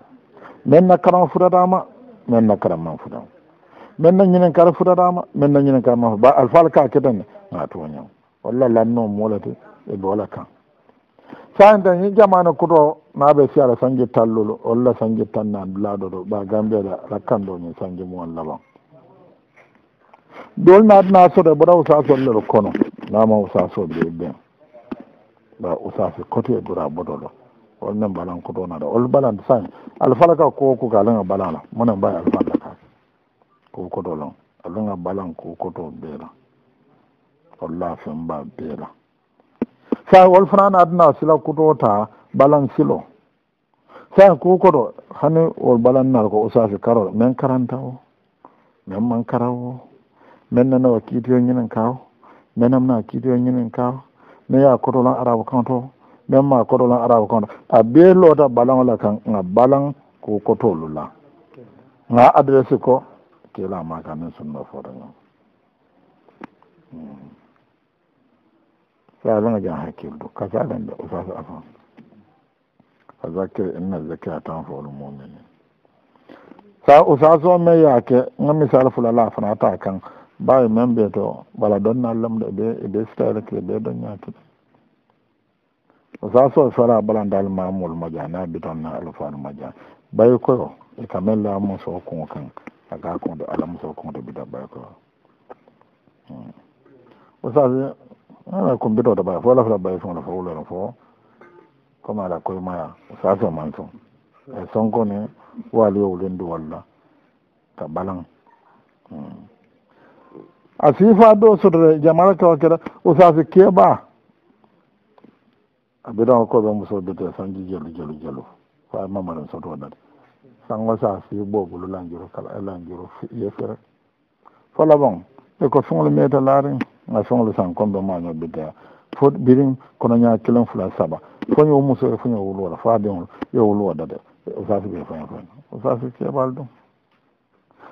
maintenant karan furatama min no kara manfuɗon min dañinen kara fuɗaɗama min dañinen kara manfu ba alfala kaketanne matoñaw walla lanno molate e boola kan sain dañi jamane kuto naɓe fiyara sanji tallulu walla sanji tannan laɗo ɗo ɓa gambiyeɗa rakkandoñi sanji mumon laɓon dol naɗina sode boɗa usasollelo kono nama usasoɓeɓen ɓa usasi kotoe e gura boɗoɗo ol nen balan ko ɗonaɗa ol balan san alfala ka kowoko ka alenga balala monen mbawi alfalla ka kowokoto lon alenga balan kowokoto bela ol lafenba bela san ol fanani adana sila kuto ta balan silo san kowokoto hani ol balan nar ko osafi karo min karanta o min mankara o min nanawa kiitoyo ñinen kaw minamna kiitoyo ñinen kaw min ya kotolon arabu kanto o même ma kotolon arabe kono a ɓeelota balaola kan ga balaŋ ko kotolu la ga adresse ko telamaka min sunno foto ñom hmm. saaɓega jan hakkildu kasaɓende osas afan azakir inna zakir a tan folu muminin sa osaso me yake ga misal fulala fana ta kan bawi e men ɓe to bala donna lemɗo ɓe ɓe stylekle ɓe donñatide saso sara balandal mamol maja na bidon na alfanu maja bay koyo e kamel la mo so ko kan aga ko do alam so ko do bidon bay koyo hmm. o sa ala ko bidon do bay wala fala bay so na fawla no fo kama la koy ma sa so man so e son ko ne wali o lendu wala ta balan hmm. a sifa do sodre jamara ko kera o sa se keba bidan ko be muso do to sanji jelo jelo jelo fa mama ran so to wadan sanwa sa si bo bulu langiro kala eh, langiro ye fere fala bon e ko songol meta laare na songol san kon do ma no bidda fo birin kono nya kilon fula saba fo nyu muso fo nyu wulu wala fa de on yo wulu wada de o sa fi be fa fa o sa fi ke baldo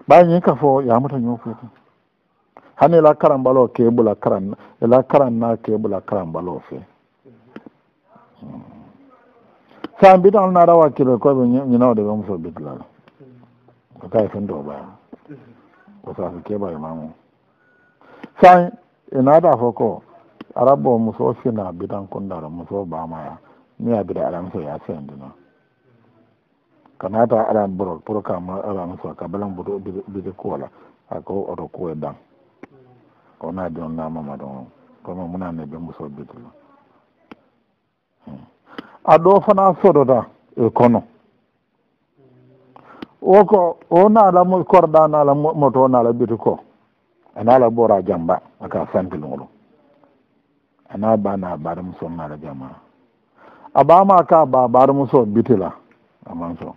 ba ni ka fo ya mata nyu fu hanela karambalo ke bula karan ela karan na ke bula karambalo fe san bida on naara wakkilo koɓe ñinaw de ɓe muso bitlal ko kaye fen to ɓaya ko kee keɓa e mamu san e naada fo ko si arabo muso sina bidan kundara muso bamaya ni a bida alamso ya sendina kanata alan borol pour kama alamso ka balan budo bide kola ako oto kuwe dan ona dion namama ɗon kono munane ɓe muso bitlo a ɗo fana sodata e kono woko o naala mo korɗa naala moto naala ɓiti ko anaala ɓora jamba aka santilngolu ana ba na baremuso naala jamba a ɓama ka ba baremuso ɓitila amanso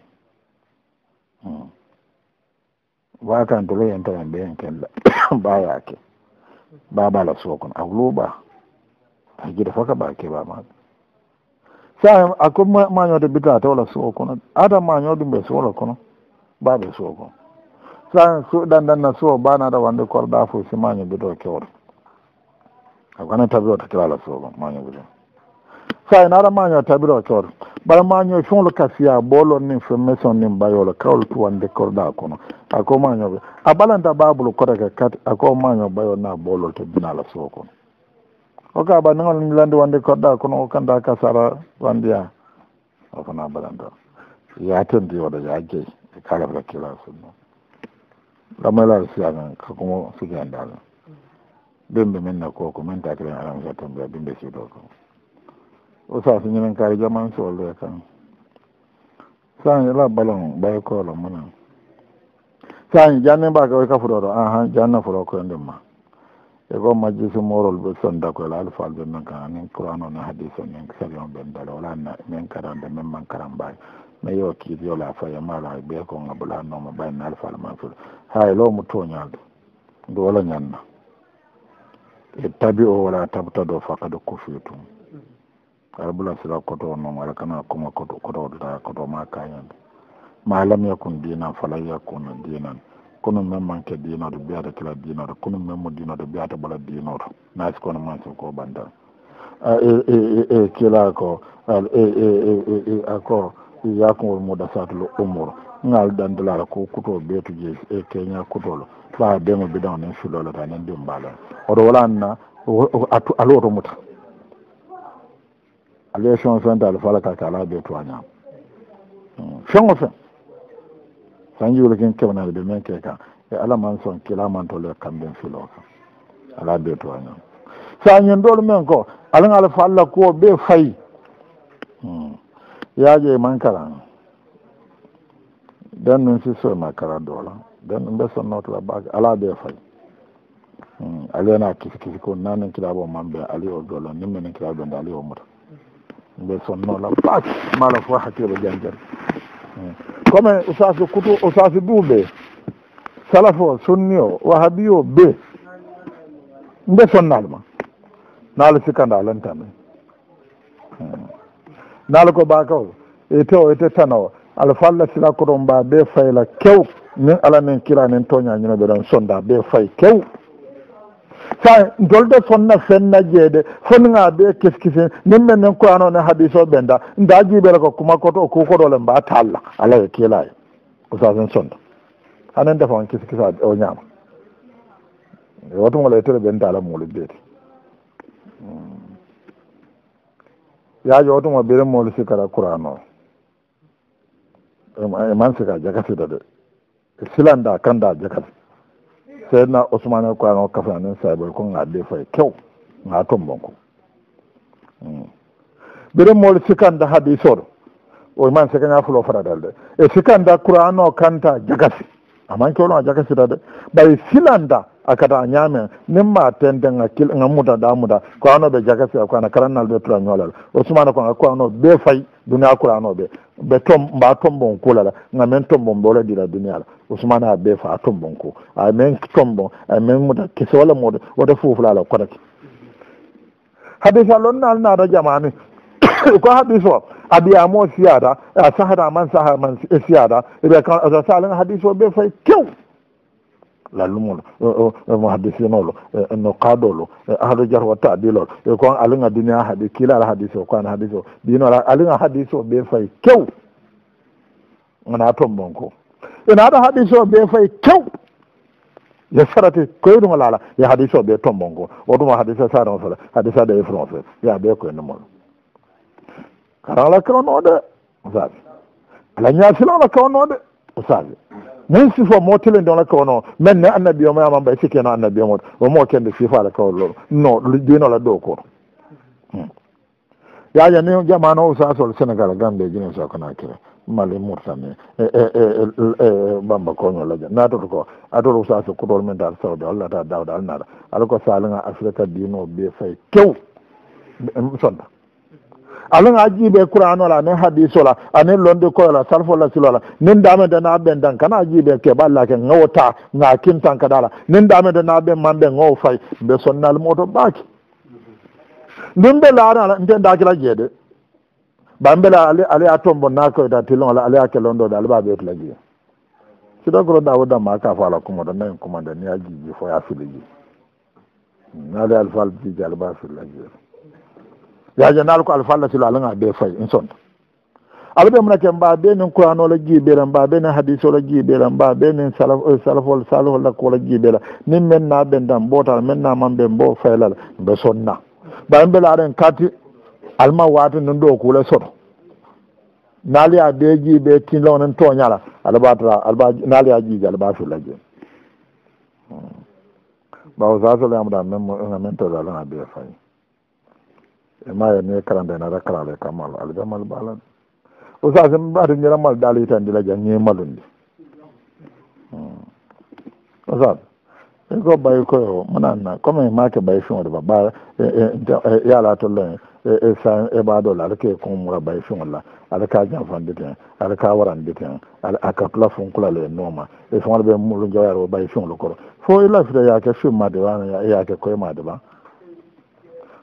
wakantolo yentoyan ɓe enkelle ɓayake baɓala sokono a hmm. wulu ɓa a jide foka ɓake ɓamaɓe sahe a ko mañode bidate wala suwo kono ada maño ɗum ɓe suwola kono baɓe suwo kono sahe suɗan ɗanna suwo banaɗa wande korɗa fo si maño bido kewre akone tabiro to kirala suwo kon maño bido sahe naɗa maño tabiro kewre ɓara tu kati na bolol to oka ɓanndagal milande wande koɗɗa kono okannda ka sara wandiya o kona mbaɗanta yatendi waɗa yajjey e kalafra kila sunno ɗamaylaɗo siyamen kakomo sugi andal bimɓe minne ko ko min takiren alamisatombiya bimɓe siɗo ko o sa so ñinen kaari jaman sollo e kan san ila balon ɓaye koolo mona san janni mbake oy ka furoɗo ahan janna furo koyndin e ma e ko majjisi morol ɓe sonda koyla e alfalɓe min kan anin courant noni hadise min sarion ɓen dala wala min karande min mankaran mbawi mi yo kiit yola faye mala ɓe ko gabulannoma ɓayni alfal mansoud hay e lomo toñalde ndu wala ñanna e tabi o wala tabta ɗo fakkade kofii tum arabula sira koto noon ala kana kuma koto koto ta koto ma kañande ma lam yakun dinan fala yakun dinan kono men manke dinoɗo biyata kila dinoɗo kono men mo dinoɗo biyata ɓola dinoɗo nasi kono mansi ko bandan e, e, e, e kila ko ako yakugol muɗa satolo umor ngal ɗandilala ko kuto ɓeetuje e keña kutolo fa ɓemo biɗon nen filolata nen ɗum mbalon oɗo walanna aloto muta alation fente ala falaka ka ala ɓeetuwa ñam feŋo feŋ sanjiwol kin kebnaade ɓe min ke kan e ala man son kilamantole kamɓen filo kan ala be toañon so a ñindol men ko alangal fa allah kuwo ɓe fayi hmm. yaaje man karan ɗen num si soyma kara doola ɗen ɗum ɓe sonnotola baake ala ɓe fayi hmm. alena kisi kisi ko nanin kiraɓo man ɓe ali o doolo nin menen kiraɓe ɓende ali o muta ɓe sonnola baake mala fo hakkilo janjan kome usaasu kutu usaasu duuɓe salafo sunni o wahabi o be nde sonnalma naala sikkanda ntami hmm. naala ko ɓa kaw ete o ete tana o ala falla sila koton mba be fayla kew nin ala nen kira nen toñañinoɓe da sonda be fay kewu. sa dolde sonna senna jeede sonnga de qu'est ce qui nin men nen koya noone hadise o ɓenda nda jiɓele ko kuma koto o kukoɗole mba talla alaye kiilaye ko sasen sonna hanen defa on qu'est ce qui sa o ñama wotomo laytere ɓentala muulud beeti yaajo wotomo ɓire muulu sikara couran o eman sika jakasida de silanda kanda jakasi seydna ousmane ko ano kafanen saybay ko gadde fay e kew ga tombonko hmm. birem mole sikanda hadi soro oy man sikaña fulo faradal de e sikanda qouran o kanta jagasi amankeolon a jagasita de ɓay silanda a kata a ñaamen min ma tenden a kil ga muda ɗamuda ko anoɓe jagasiya ko ana karannal ɓe tura ñoolal o sumana ko ga ko anoɓe ɓe fayi duniya kuranoɓe ɓe tom mba tombon kulala ga min tombon ɓe oladira duniyala usumana a ɓe fa a tombon ko a min tombon a min muda kese walla mode wota fuufulala kodake hadis allon nal naɗo jamani ko hadis o abiyamo siyata a sahata man sahaman siyata eɓe e sa alen hadis o ɓe fay kew lallumol e, e, e mohadisinolo no kaadolo ahaɗo jar watta adilol ko alinga dini a haɗi kila ala hadis o koan hadis o ɗinol alinga hadis o ɓe fay kew ana toon bonko ina aɗo hadis o ɓe fay kew ye sarati koyeɗumol ala ye hadis o ɓe toon bonko o ɗuma hadis sarao sala hadis aɗa e français ya ɓe koynumol karan ala kewnoɗe o saabi ala ñasilo ala kewnoɗe o saabi mum sifo mo telendiola ko noon men ne annabio mo yama mbay sikkeno annabio mo omo kende sifale ko lo no duinola ɗo kono hmm. yaya ni jamano o sasol sénégal gambeji ni sokonakire mali mourtani e, e, e, e bamba koño laja natoto ko atoto sasol kutol min dal sawde allata dawda alnaɗa ala ko salinga africa dino ɓe fay kew sonta alon aji be qur'ano la ne hadiso la ane londe ko la salfo la silo la nin dame da na ben dan kana aji be ke balla ke ngota na kin tan kadala nin dame da na be mambe ngo fay be sonnal moto baki dum be la ala nten da kila jede bambela ale ale atombo na ko da tilon ala ale akelon do da alba be tla jiya sida gro da woda ma ka fala kuma da nan kuma da ni aji ji fo ya fili filiji na da alfal ji alba fil ajiya yaja naal ko alfallatilo alaga ɓe fayi in sonta alaɓe munake mba benin kuranola jiɓela mba benin hadis ola jiɓela mba benin eh, salafol salholakola jiɓela min men naɓen tan botal min naman ɓe bo faylala ɓe sonna ɓayim ɓe laaren karti alma wata nin ɗo kuula soto naaliya ɓe jiɓe tinlonen toñala alaɓatra alaɓa naaliya jiɓe alaɓa filla jeni ɓawo sasolo yamuɗa men mo ga men toɗo alaga ɓe fayi e maya ne karandena ra karala kamal aljamal balad o sasa mi ɓaatu ñiramal daali tandi la jang ñimalundi e o sasa min ko ma koyo munanna comme make ɓay fiŋode ba ɓa yaala tolloe sa e ɓaɗo la a katula funkulale nooma e fiŋole ɓe mulu fo i ma ba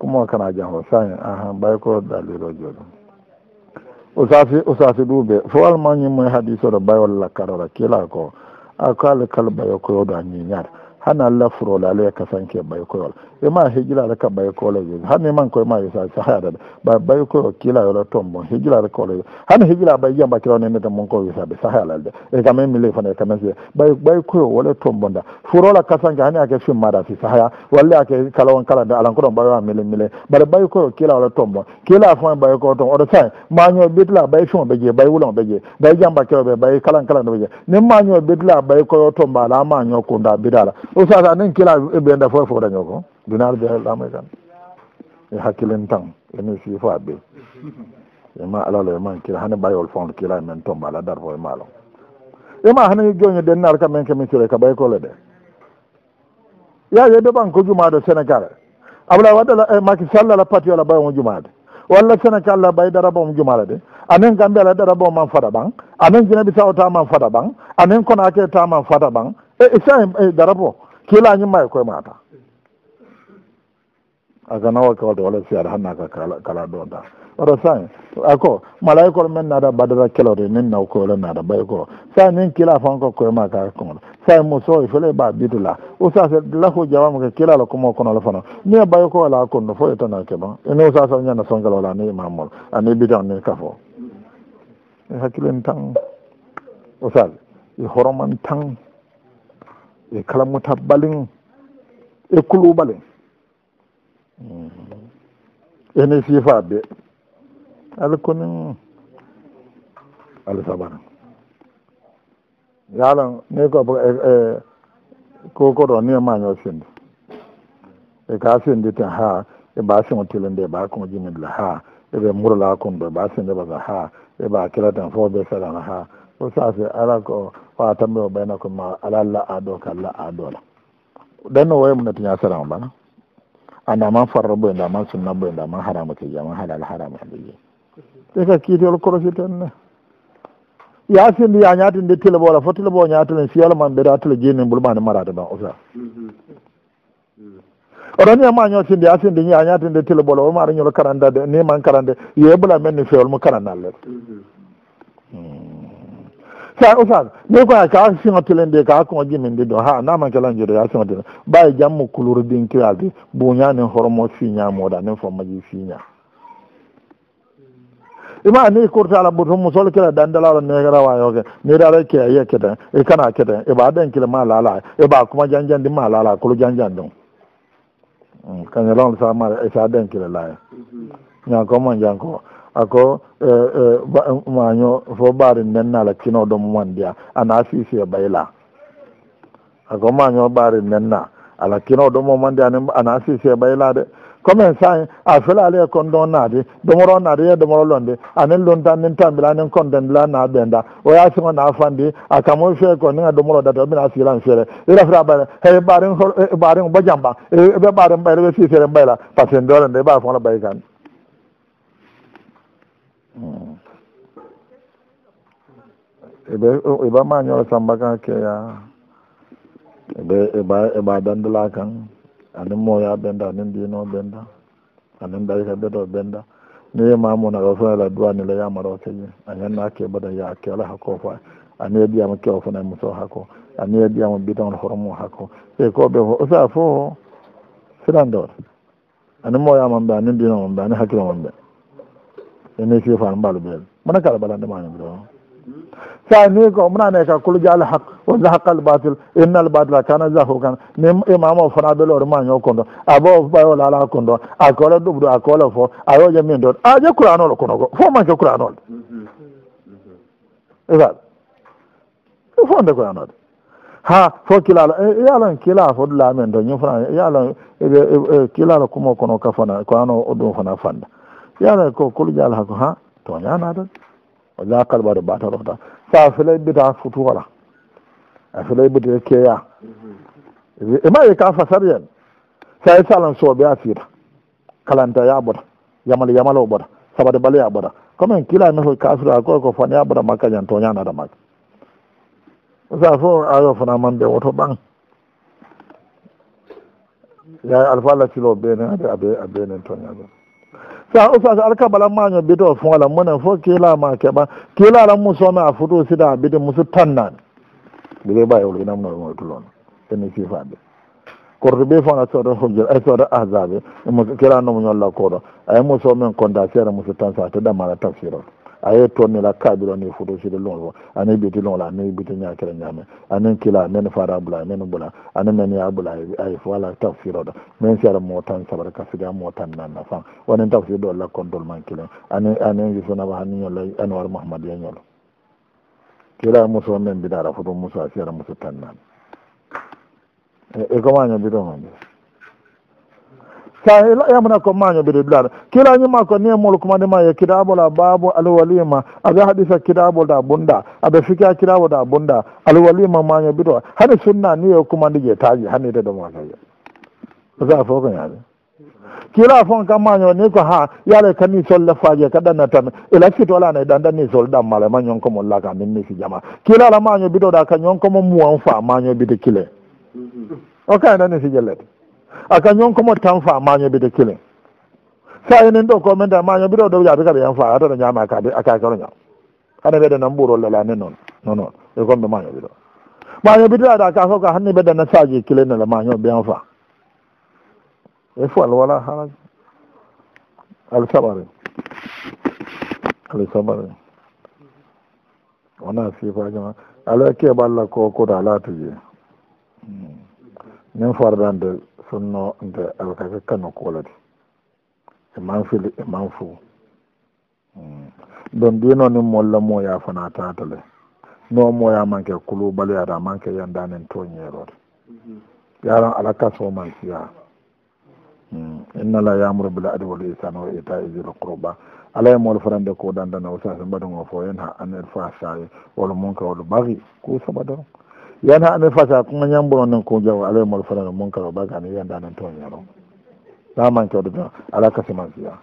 ko mo kana jango sañe ahan ɓay ko daliro joɗum o saafi o saafi ɗuɓe fo almañimoye haadi soɗo bayolla karora kila ko a ko ale kala bayo koyoɗo a ñiñata hana allah furole alaya ka sanke baykoyol ema hejilare ka baykole jogi hanni man koye ma wisasahayadada e ba baykoyo kilayola toon bon hejilare kole hanni hejila bay jamba kirawne nete mon ko wisaɓe sahayalalde e kamen mille fana e kamen sie bay baykoyo wole toon bonda furola ka sanke hani ake fimmada si sahaya walle ake kalawon kalade alankoɗon bawa mille mille bara baykoyo kilayola toon bon kila fon baykoyo toon oɗo sai mañoo ɓitla bay fimo ɓe jee bay wulomo ɓe jee bay jamba kiraɓe bay kalan kalade ɓe jee nin mañoo ɓitla baykoyo toon ba ala mañoo kunda bidala usata nin kila e ɓeenda fof e fo dañoo ko binaar jahelɗama e kan e hakkillen tan emin sii fo abbe ema alala eman kila hani ɓayol fond kila emen tomba ala dar fo e maalo ema hani joño dennar ka men kemi cure ka ɓay kole de yaye deɓan ko jumaade sénégal abla waddala maki sallala patiola ɓay omo jumaade walla sénégal la ɓay daraba omo jumaala de anen gambia la daraba oman fada ɓan anen jinaɓi sawo taman fada ɓan anen konake taman fada ɓan e isa e darabo kilañima e koye mata aga nawa kawde walla siyaɗa hanna ka kala ɗonta oɗo sani a ko malaykol min nada badara kelote min naw koyle nada bay ko sani min kila fan ko koye ma ka kongla sani muso fele ba biti la usase lako jawama ke kilala komo konola fana mie bay ko la kondo fo yetana keba ini usase ñana songela wala ani imamol ani bidan ni kafo hakkilin tan usase i horoman tan e kala mutabbalin e kuluɓalen mm-hmm. ene siifa be ala konin ala sabana yalan e- e- ni ko ko ko ɗo ni maño sindi e ga sindi ten ha e ba sigo e tile nde ba kon jimidla ha eɓe murla kon ɗo ba sindi baza ha e ba kila ten fo ɓe saɗana ha ko sase ala ko fa tambi o ɓayna ko ma ala la aɗo ka la aɗola ɗanno woyemunati ñasarama bana anda man farra boye nda man sunna boye nda man harama ke jama halal harama aɗoje te ka kiitol crosi tenne ya sindi ya ñatinde tilabola fo tilabo ñatilen siyolaman ɓeɗa tila jinni ɓulɓani marata ban osa oɗanniya ma ño sindi ya sindi ya ñatinde tilabola omara ñol karandade ni man karande yeɓula men ni fewol mo karandallet usaz ne ko ka singa telende ka ko jiminde do ha na ma kala njiro ya singa telende bay e jammu kuluru din kiraldi bunya ne hormo finya moda ne fo maji finya ima ni kurta ala butu musol kila dandala ala ne gara wa yoke ni da re ke ye kete e kana kete e ba den kila ma lala e ba kuma janjan di ma lala kulu janjan don hmm, kan yaron sa ma e sa den kila la ya mm-hmm. ko man janko ako eh, eh, eh, maño fo ɓaari nennala kino ɗo mumandiya ana fiifie ɓayla ako maño ɓaari nenna ala kino ɗo mumandiya ana fiifie ɓayla de comme sa a felaaliye kon ɗo naati domoro naati ye domoro londi anin lunta nin tambila nin kontendila na ɓenda o ya siŋo na fandi a kamo fee ko ninŋa domoro data ɓina siilan fere irafira ɓayla hey ɓaariŋ ɓaariŋ bo jamba ɓe ɓaariŋ e ɓayla ɓe fiifere ɓayla e par ce que ndolende ɓa e foŋlo ɓay kani ebe a maanyị ọsa mgbaka nke ya ebe adandala aka ani mmụọ ya benda ani ndị ino benda ani ndari ka bedo benda n'ihe ma mụ na ọsọ ala duwa nile ya mara ọsọ gị anyị na aka ebada ya aka ala ha kọfa ani ebi ya mke ọfụ na emuso ha kọ ani ebi ya mbita ọnụ họrọ mụ ha kọ eko ọbẹ e hụ ọsọ afọ silandọr ani mmụọ ya ma mbe ani ndị ino ma mbe ani hakiri ma mbe ene sifan mbalɓeɓe mona kala ɓalandemanim ɗo sa ni ko mnane ka kul jaal haq wa zahaqa albatil innal batila kana zahu kan ni imamo e fona ɓeloore maño kondo abo ɓayola ala kondo a kole ɗuɓɗo a kole fo a yoje min ɗon a je couranol kono ko fo manque couranolde sa e fo nde couranode ha fo kilala e, yalan kila foɗ lamen to ñufana yalan kilala kumo kono ka fana kurano ɗum fana fanda yaara ko kuluƴal hako ha to ñanadan o ñakal waɗo mbataroɗa sa fela ɓita futu wala a fela ɓitire keeya imaye mhm. e ka fasar yen sa e salan sooɓe a fiita kalanta ya ɓota yamal yamalo ɓota sabade ɓale ya ɓota comme en kila nefo kafira ko ko fan ya ɓota makka ñan to ñanada makka sa fo ayo fana manɓe woto ɓan yay alfa alla tilo benen aɓe aɓe abenen toñaɗon sa usage alkabalamaño bito fola munen fo kiilama keɓan kiilala mu soome a futu sida a biti musu tannani ɓiɓe ɓay wol inam no moytu loon ini sifaɓe kortu ɓi fona soode hujjir ay eh, soode ahsabe kiilanomu ñolla koɗo ay mu soomen conda seere musu tan sa teɗa mala tafsirol aye tonnila kabila ni foto side lonfo ani biti lonla ani biti ñakira ñame anin kila anen fara bula anen bula ani nani a bula ay voilà tafsirodo min sera mo tan sabara ka sidi a mo tan nanna fan wonin tafsir do la kontol man kilin ani anin yusunaba hani ñolla anwar mahamad ye ñolo kila muso men bidara foto muso a sera muso tan nan e comment e ño bidomadi kaa e yamna ko maño ɓiɗi ɗulaɗo kilañuma ko niemol kumanima yo e kidaɓola babo alwalima aɓe haɗisa kidaɓol ɗa bunda aɓe fikia kidaɓo ɗa bunda alwalima maño ɓiɗo hani sunna ni yo e kumandije taji hanide ɗomakaye osa fo ko ñaami kila fon kam maño ni ko ha yaale kani solle faje ka ɗanna tan ila fitolane ɗanda ni sol ɗammala ma ñonkomo laka min misi jama kilala maño ɓiɗoɗa ka ñonkomo muwan fa maño ɓiɗi kile mm-hmm. o kaydani si jellete aka ñon komo tan fa mañoɓide kilin sa enen ɗo ko men da mañoɓiɗo ɗo yaɓe kadi hen fa atoɗo ñama akakeno ñam hane ɓeɗe nan ɓurol lelani noon no noon e komɓe mañoɓiɗo mañoɓiɗo aɗa ka foko hanni ɓeɗe na saji kilinele mañoɓe hen fa e fo al wala haraj al saɓare al saɓare wona sifajoma ala keɓalla ko kota latuji min hmm. fardande sunno nde awtake kano ko waɗati e manfili e manfu don hmm. ɗino nin molla moya fana tatale no moya manque kulu baliyata manque yandanen to ñerode yaran ala kasoman siya hmm. innala yamuru bil adi wal ihsan wa itai zil qurba alaye mool farande ko dandana o sasi mbaɗugo fo yen ha anel fa saye wala munka wala bagi ku sabadoro yan ha amin fasa kuma ñambono nen ko jaw alay mol fenano munkar o bagani yanda nen to ñano da manke o dega ala ka siman fiya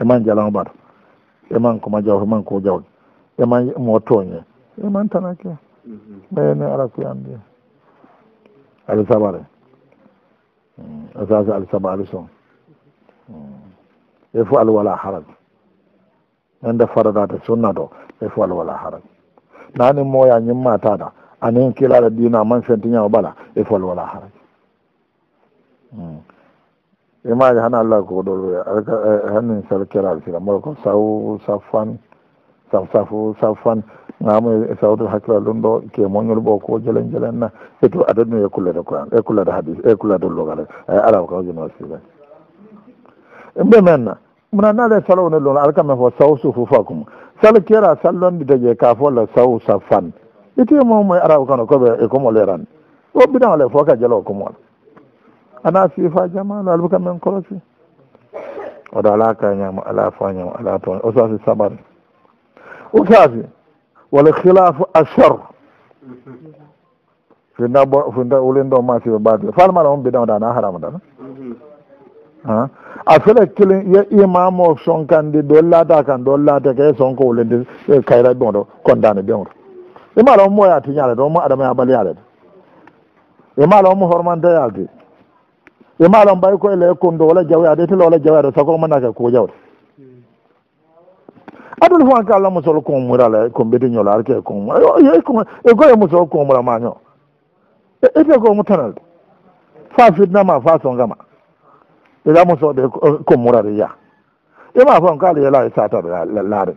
eman jalano bato eman koma jaw eman ko jaw eman mo toñe eman tanake mayene mhm. ala kuyandi ali sabare hmm, asasi alisaba ali son hmm. e fo al wala harag nande faradata sunna do e fo al wala harag nani mooya ñimmatada anen kilala dina man fentiñama ɓala e fol wala haraj image hmm. e hana allah ko ɗo eh, hani sal keral sira mbaɗa ko saw safan saw safu safan gama e sawtu hakkilal ɗum ɗo ke moñol ɓo ko jelen jelenna eto adaɗum e kullede koyan e kullede hadis e kullede logal ay e alaw kawjino sibay mbe menna mona naɗe salowne lon alkame fo saw sufu fakum sal kera sallonɗi daje ka folla saw safan ite e mom arabe kono koɓe e komo leerani ɗo bidan ala fo ka jalowo komoal ana siifa jamala alɓe kammen korosi oɗo ala ka ñama ala fo ñama ala to o saasi sabar o saasi wala khilafu asar finda bo finda wulin ɗo ma siɓe baatie falmala on bidan ɗana harama dana a fele kilin ye imam o sonkandi ɗo laata kan ɗo laate kaye sonko wulindi e kayra ɓeoɗo condane ɓeoɗo e maala omo moyaati ñaalede omo adama yaɓal yaalede e maala omo hormande yaalde e maala om mbay ko ele kondo wala jawyaade tela wala jawyaade sago omo naake ko jawde adul fo anke allah musolo komomur ala kombedi ñolo arke komomuryeko e, e, e goye musolo komomura maño ete e komo tanelde fa fidnama fa songama ela musoɓe komomurade ya ema fo on ko allah yela e satar laaren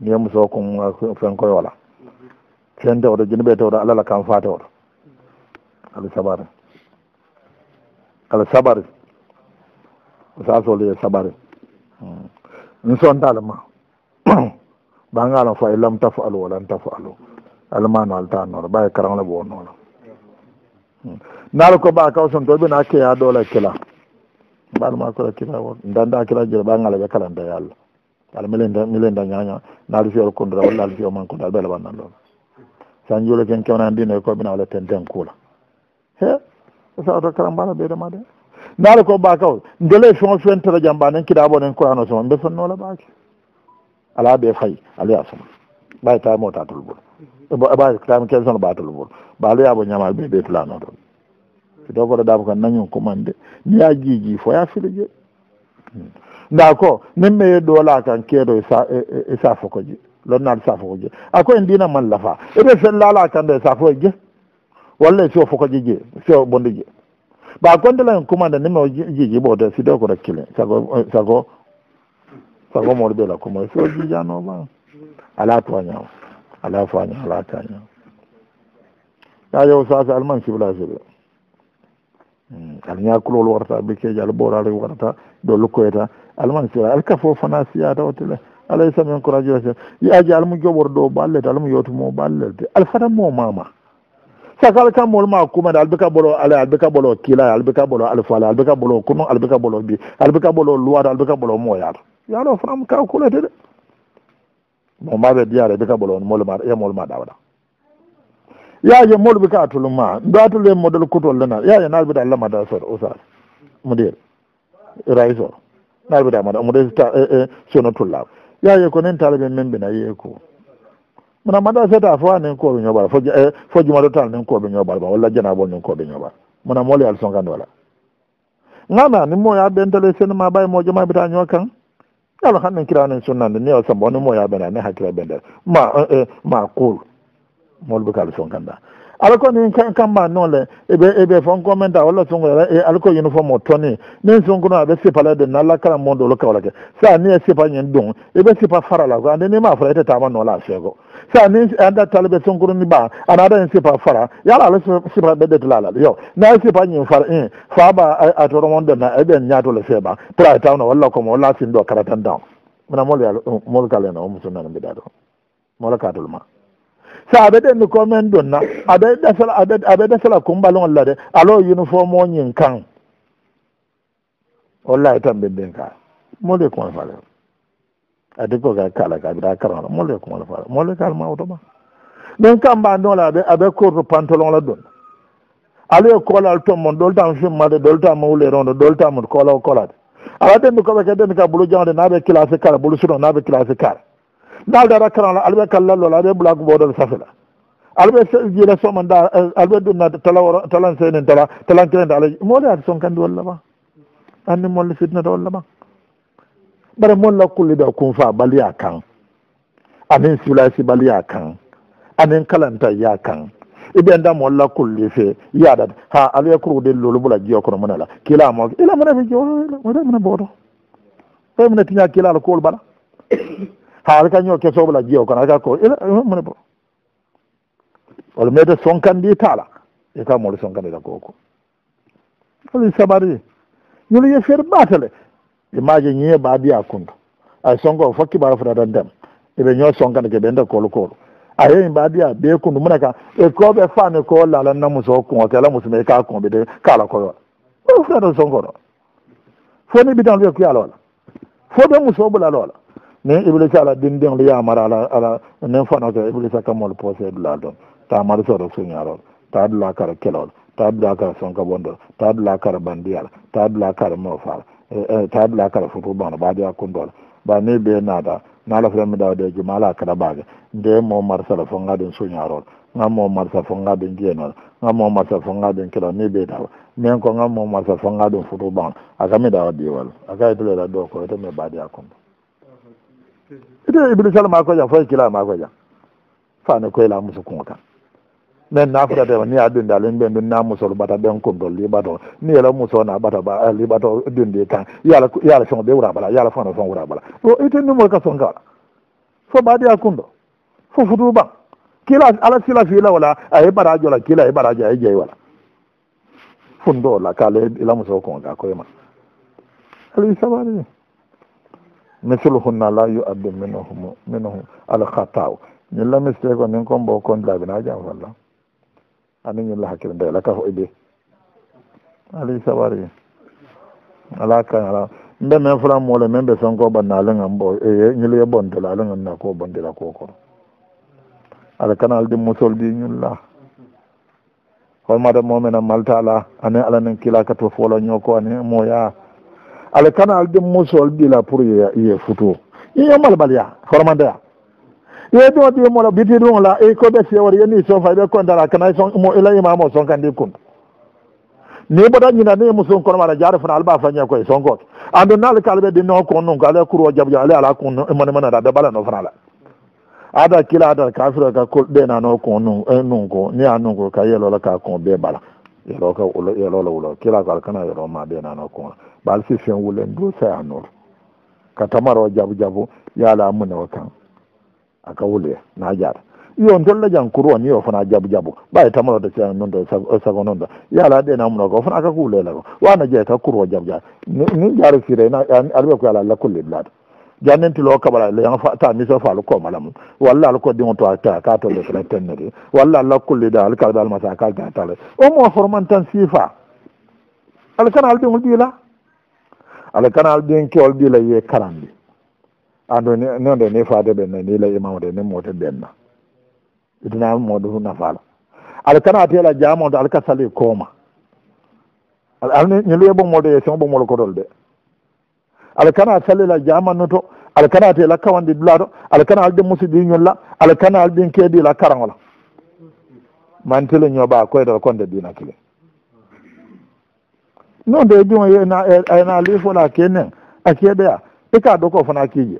niyemu so kom uh, fenkoy wala ten tewto jinibe tewto alala kam fa tewto ala sabari ala sabari sa soli e sabari in hmm. sontalema bangala fa ilam e taf alu walan taf alu alamano alta noro baye karangla bo wonnola hmm. nala ko ba kaw son toɓe na keya dole kila mbanuma kola kila won danda kila jire ɓangala ɓe kalanta yallah ala milenda ñaña naali fiyol kondura walla ala fiyo man kondu ala ɓeele wannan ɗon sa juulo ken kewnani ndino e koye ɓina wala ten den kuula he sa oto kara mbala ɓeydema de naali ko ɓa kaw ndele fon e fentere jam ɓa nen kiɗaɓo nen kurano soma mbesonnola ɓaake ala ɓe fayi aluya soma ɓay tamio ta tol e bol ɓa tami ken sono ɓa tol bol ɓa aluyaɓo ñamal ɓe ɓeytulano ton fito koto dama ko nañon commande niya jiiji foya filije hmm. d' accord min mi ɗoola kan keeɗo e safo koji lonnaade safo koji a ko en ndina man lafa eɓe sen laala kan ɗo e safo e jee walla e sofo koji jee sio bondi jee ɓa gondela en commande ni mijijiɓode si dew ko rakkile sago sago sago moɗo ɓela kumo so jijanoma ala toñama ala faña ala taña ya yow sase alman civilisé ɓe aɗa ñakulol warata bikeji ala ɓoraale warata ɗo lukkoyata almami sira alka fo fana siya tawatele alay sami encouragé yaaji almu joɓor ɗo ɓallete almu yotumo ɓallete alfata mo mama saka alka mol ma kumede albeka ɓolo ala albeka ɓolo kila albeka ɓolo alfale albeka ɓolo kunu albeka ɓolo bi albeka ɓolo luwata albeka ɓolo moyata yalo fanam ka kulete de mo maɓe ɗiyare beka ɓolo molma ye molma ɗawɗa yaaji molɓe ka tulu ma ndo atulu e model kutol lenal yaaji naɓita lamada sot usare mo dire raisor naɓiramaɗa omo résultat eh, eh, sono tullaɓa yaye ko nen talaɓen men ɓe nayiye ko mona mada seta fo a nen koɓe ñoɓal fo eh, jumaɗo tal nen koɓe ñoɓal ma walla janabol nen koɓe ñoɓal mona moleyal songande wala gana ni moya ɓentale senema ɓay mo jomaɓita ño kan yalo hannen kirane sunnande niwa sambo ni moya ɓena ni hakkira ɓendere ma ma kuul molɓe kal songanda ala ko nin kamma nole eɓe eɓe fon commenta walla sunkoyala e ala ko uniforme o toni min sunkuno aɓe sipalede nalla kala monde olu kawlake sa ni e sipa ñin ɗum eɓe sipa farala ko ande ni ma fora ete tama nola seego sa ni anda talɓe sunkuroni ba anaada en sipa fara yala ala sipa ɓeɗetelalal yo na e sipa ñin far i eh, faba atoromondena eɓen ñatole seeɓa pour ay e tawno walla komo walla sin ɗo karatan dan mina molyal molkalena o musunnano mbiɗa ɗo molakatolma so aɓe ɗenni commen ɗunna aɓe ɗesla aɓe aɓe ɗesla kumbalon lade alo uniforme oñin kan wallahi tan ɓe ɓen ka molle kumal fale adi ko ka kala ka ɓeɗa karanola molle kumal fale molle kalma auto ma ɗon kambandola aɓe aɓe courto pantalon la ɗun alo ye kolal tommon ɗoltam fimmade ɗoltam wuleronde ɗoltamon kolao kolade ala ɗenni koɓe ke ɗenni ka bolo jangde naɓe classe kara bolo suno naɓe classe kara dalde ara kran la alaɓe kallallola aɓe blagu mboɗon safila alaɓe jiile soman da eh, alaɓe ɗumna talawor talan senin tala talankirede alaji molayade son kandi walla ma anni molla fitnata walla ma bare molla kulliɗo kum fa baliya kan anin sulasi baliya kan anin kalanta ya kan iɓen da molla kulli fe yaɗat ha alaya kurude lolu ɓula jiyo kono munala kila mo ila munaɓe jo ila mune mune mboɗo ɓay mune tiña kilala kool ɓala haala kañ o kesoo ɓla jeyo kono aka ko ilmune eh, bo walla meede sonkandi e taala e ka mole sonkandida e koko oli sabari yolu ye feere ɓaatale e maaje ñiye baadiya kunto ay sonko fo kibaro fotata ndem eɓe ñoo sonkande ke ɓennde koolu koolu a yeyi mbaadiya ɓe kundu mune kam e koɓe faami ko lalanna muso kuŋo kela musume ka kuŋo ɓide kaala koyo fotata sonko ɗo foni ɓitan ɓe kuyalo la fo ɓe musoo ɓulalo la nin iblisa ala dindinli yamara ala ala nin fano ke iblisa kamol posé dula don ta marisoro suñarol ta dula kara kelol ta dula kara sonkabondol ta dula kara bandiyal ta dula kara mofal e, e, ta dula kara futu bano badiya kundola ba ni be nada nala frami dawde ji mala kara bage nde mo marsala fo ngaden suñarol ngam mo marsa fo ngaden jenol ngam mo marsa fo ngaden kelo ni be tawa min ko ngam mo marsa fo ngaden futu bano akami dawa diwal akaytulela ɗo ko yetome badiya kundol ite iblisal ma koja foye kila ma koja fane koye la muso kuŋo kan min na futatema ni a dindali ɓe ɓi na musol bata ɓen kunto libato ni yela muso na bato libato dindi kan yala feŋo ɓe wura bala yala fano feŋ wura bala o ite numol ka son kawala fo ɓadiya kundo fo futu ɓan kila ala sila fila wala aye bara jola kila ye bara jo aye jeyi wala fundo la kaala ila muso kuŋo ka koyema alisabalii mais sulu hunna la yu addu minhum minhum alkhatau ñilla mistake o nin comme bo kon jaabina jam walla ani ñilla hakkile ndeela ka fo idi alay sawari ala kan ala mbe men fula moole men ɓe sonko bonna alengam bo e, e, ñilla ye bontela alengam na ko bondila ko kono ala kanal di musol di ñulla holmata momena maltala ani alanen kila kato foolo ñoko ani mooya ala kana al dem mosol ɗila pour ye foto ye malbalya hormandeya ye ɗo ɗi mola biti ɗum la e ko ɓe sewori yeni son fay ɓe kontala kana so ila imamo sonkandi kuntu ni ɓota ñina ni musum kono waɗa jaare fona alaɓa fañe koye sonkoke ando naale ka ala ɓe ɗinno kon num ko ala kuro jabjo ala ala kun e mone mone ɗa de ɓala no fana la ada kila ada kafiro ka kol ɗena no kon num e num ko ni a num ko ka yelola ka kon ɓe ɓala yelo ka yelola wulo kila ko ala kana yelo ma ɗena no kon la ɓalsi fen wulen du say a nor ka tamaro jabu jabu yaala munewo kan aka wule najaata yo dolla jan kuruwa ni yo fana jabu jabu ɓay tamaro de sa nondo sago nondo yaala ɗena muno ko fana akako wule lako wana jeey ka kuruwa jabu jabu ni jaaru sire alɓe ko yaala alla kulli laata jannintilo kaɓala ta miso faalu komala mum walla ala ko diŋo to ta ka tolle fla tenneri walla alla kulli da alkalɓe almasa kalga tale o mo formantan siifa alkana alɗiŋol ɗiila ala kana al ɗin kewol ɓila ye karandi ando nonde ni fade ɓenna ni la imamde ni mote ɓenna itina moɗo fu nafala ala kana atela jamode ala ka sali kooma alani ñilluye ɓomoɗo ye sen ɓomol kotol de ala kana a salila jamannoto ala kana atela kawandi ɗulato ala kana al ɗi musidɗi ñolla ala kana al ɗin kee ɗila karangola mantile ñoɓa koydal konde dina kilin non de jum ayna eh, eh, li fola kenen a keɗoya i e, ka ɗo ko fana kije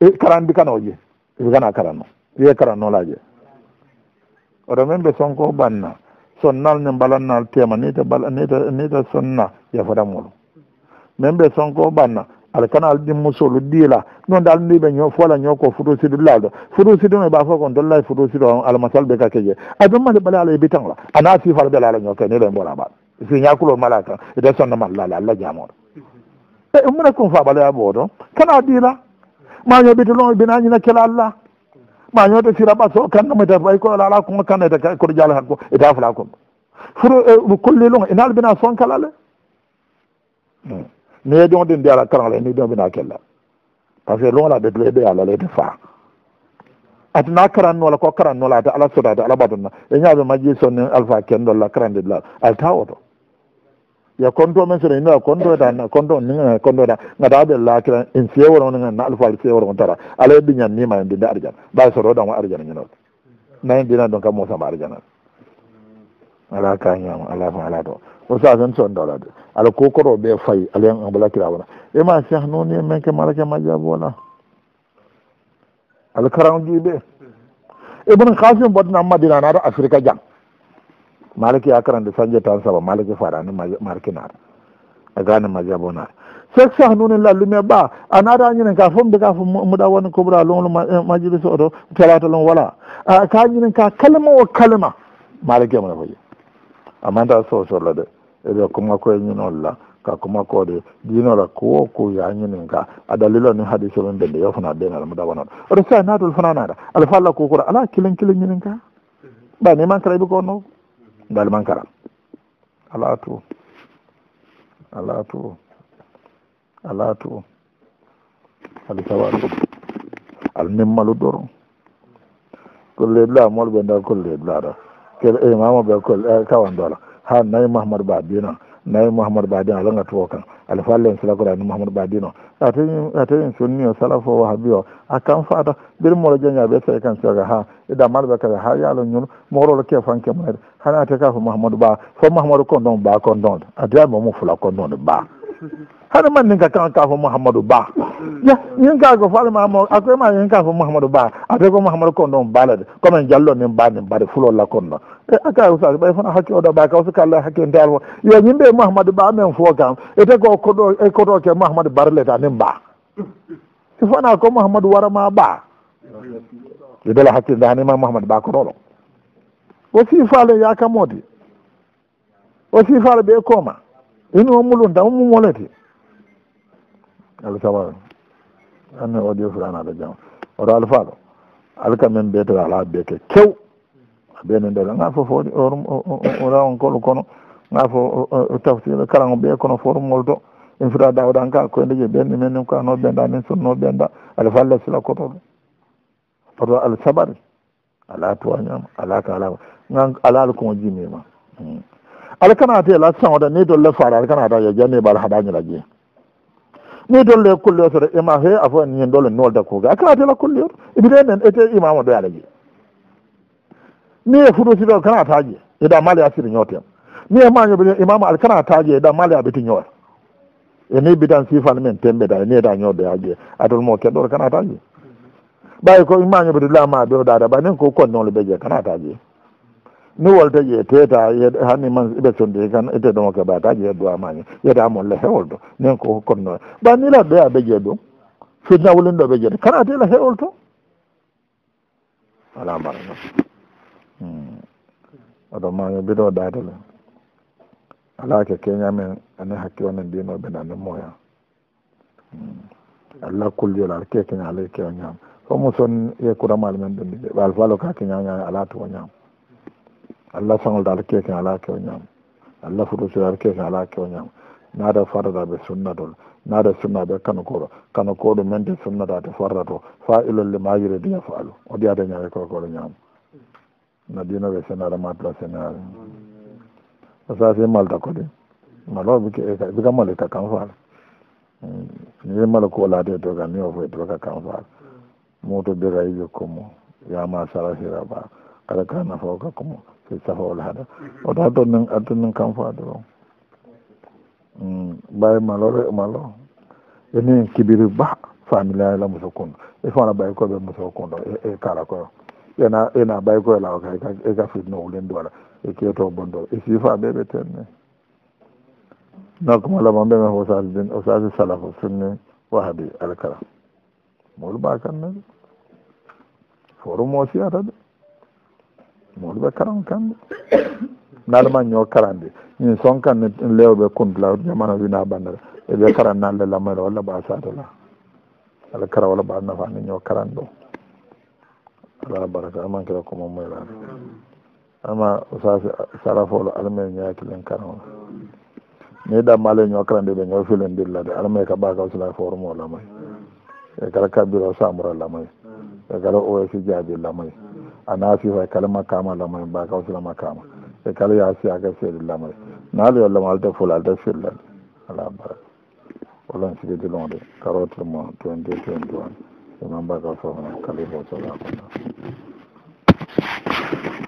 i e, karandi kana oje i e, kana karano ye karanolaje oɗo min ɓe sonko banna sonnal ni balannal tema nite bala nite nite sonna yafoda molu min ɓe sonko banna ala kana al ɗi musolu diila non de al ndiɓe ño fola ño ko furusidu lal ɗo furusidu me ɓa fo ko dollay furusidu almasal ɓe kakeje adummade ɓale ala ebitangla ana sifal ɓe ala ñokeni ɗo e ɓola ɓaɗo si ñakuloo mala kan ede sonno mallale allah jamoɗo e, e mune kum faɓaloya ɓooɗon kana diila mañoɓite lon binañina kela allah mañoɗe fira ɓaso kannamoete ay ko ala kuma kan ete koɗo jaale hakko ede fula kom fro e, kolli lon inal e bina son kalale hmm. ni e ƴon ɗin di ala karangla ni ɗon bina kella par ce que lon la ɓetle ɓe allahla ete fa atina karan nola ko karan nola ata ala sotata ala batonna e ñaɓe majji sonni alpha ken ɗolla karandi ɗla alta oto ya konto men sono yinnoya konto da konto nigene konto da gata ɓe lakira en fewor on gen na alfaali fewor on tara ala ɓiñan nima en binde ardiane ɓay soro ɗan o ardiane ñinoto na en binan ɗon kam mosama ardianan ala kañam ala fa ala to o sasen son dolade ala kokoro ɓe fayi alayen en ɓalakira wona ema cheikh noni men ke malake majjabo wona ala karan jiɓe ibne kasim botnan madinanaɗo afrique jang maliki yakarande sanje tan saba maliki farani mariki nata agane majabo nata sek sah nune lallume ba anata ñinen ka fom de ka fo muɗa wonde cobra longlo majilis eh, oto telata long voilà ka ñinen ka kalima o kalima maliki mona foye amanta sosorlo de eɗe kuma koye ñinol la ka kuma ko de jinola kuwo ku ya ñinen ka a dalilo ni hadise min ɓende yofana denal muɗa wonoɗo oto sa natol fana nata alfalla kukura ala kilen kilen ñinen ka ɓa ni mankara iɓi ko noko dal mankara alaatu o alaatu o alaatu o alisawaru o almimmalu doro kolle laamol ɓe nda kolle laaɗa kel imama eh, ɓe kol eh, tawan dola ha nayi mahmadou ba dinan nayi mouhamadou badin ala ngatu o kan ala fallen silagorani mouhamadou badin o ate ate sunni o salafo wa habi o a kan fata ɓiri molo jeñaɓe sey kan soga ha idamalɓe e kada ha yaalo ñun moorolo ke fanke munede hani ate ka fo mouhamadou ba fo mouhamadou kondon ba kondonde adiyamo mo fula kondonde ba har ma n'i ka kan k'a fɔ Muhammadu ba ya nin k'a ko fɔ ma a ko e ma nin k'a fɔ Muhammadu ba a bɛ ko Muhammadu kɔndɔn ba la de. komi jalo nin ba nin ba de fɔlɔ la kɔndɔn e a ka wusa e fana hakɛ dɔ ba ka o k'a la hakɛ t'a la ya nin bɛ muhamadu ba mɛ fɔ kan e tɛ k'o ko dɔ e ko dɔ kɛ muhamadu bari la ta ni ba i fana ko Muhammadu warama ba i bɛ la hakɛ da ni ma muhamadu ba kɔrɔ la o si falen y'a ka mɔ di o si falen bɛ e kɔ ma ini wammulun tama mum wolete alu sabar anne odio suranaɗo jam oto alfaɗo alka men mbeyete ala beke kew abene ndele ga fof ori rawan kolo kono ga fo tafsire karango ɓeye kono formol to in fota dawɗan ka koyde je ɓenni men nim ka no ɓenda min sonno ɓenda ala falle sila kotoɗo oto al sabari ala towañama ala ka ala ga ala alkumo jimima hmm. ala kana ta la sao da ni dolle fara ala kana ta ya jani bal hada ni laji ni dolle kulli otore ima he afo ni en dolle nol da kuga kana ta la kulli otore ibide nen ete imam do ala ji ni e fudu sido kana ta ji e da mali asiri nyotem ni e manyo bi imam ala kana ta ji e da mali abiti nyor e ni bidan sifan men tembe da ni da nyor da ji adol mo kedor kana ta ji bay ko imam bi la ma do da da banen ko kon non le beje kana ta ji ni wol teƴe teta hani man iɓe sondii kan ite ɗoma keɓataji he duwamani yeda molle hewol to nen ko konnoo ɓanilat ɓe a ɓejee ɗum fitna wulin ɗo ɓejeede kana tela hewol to ala mbara no hmm. oɗo mami mbiɗo ɗatele alake keñamen ani hakki onen ndino ɓe nani moya allah kuljol ala ke keñaalay keo ñaam fo mu son ye kuramal men ɗo ɗiɗe ɓaal fo alo ka keñaw ñaami ala towo ñaam allah sagol daal keekin ala kewo ñaama allah fotosi daal keekin ala kewo ñaama naada fardata ɓe sunnatol naada sunnaɓe kano koɗo kano koɗo men de sunnatate fardato fa ilolle majire diya fa alu o diyata ñaawe kokoɗo ñaama no ɗinoɓe sennaɗa matla sennaɗa o sasi malta ko de maloɓeka malita kan faala ni mala ko laate toga ni o foy toka kan faala moto biraye jokkomo yama sarasira ba kada ka nafoka komo ke cahowol haɗa wota donnin addunnin kam fo ado bawi mm, malo re malo eni kibiri ba familiala muso kondo e fona ɓaykoɓe muso kondo e, e kala koyo ena ena ɓaykoye lawa ka ega fitno wulindi wala e, e, e keto bondo e sifa ɓeɓe tenne nokkuma lama mbeme fo sasidin o sasi salafo sunni wahabi alkala molu ma kanne forum mo siyata de mawɗo ɓe karan kamɓe nalama ño karande min sonkanni lewɓe kundula jamana wina bandere eɓe karan nanle lammayla walla ba satala ala kara walla ba nafani ño karan ɗo ala baraka amankira ko mamoyrade ama sase sarafolo alamay ñaytilen karanla ni ɗammale ño karande ɓe ño filindirla de alamay ka ɓaka sila forme o lamay e kala kabbiro samoura lamay e kala os jaabi lamay a naafi hoye kalama kama lamare mba kawsilama kama e kala yasiyaka seedi lamare naalo yo lama alta fula alta sirlade ala bara olon sigidi lon de karotir mo twenty twenty one imam mba kawsoma kala hosolakona e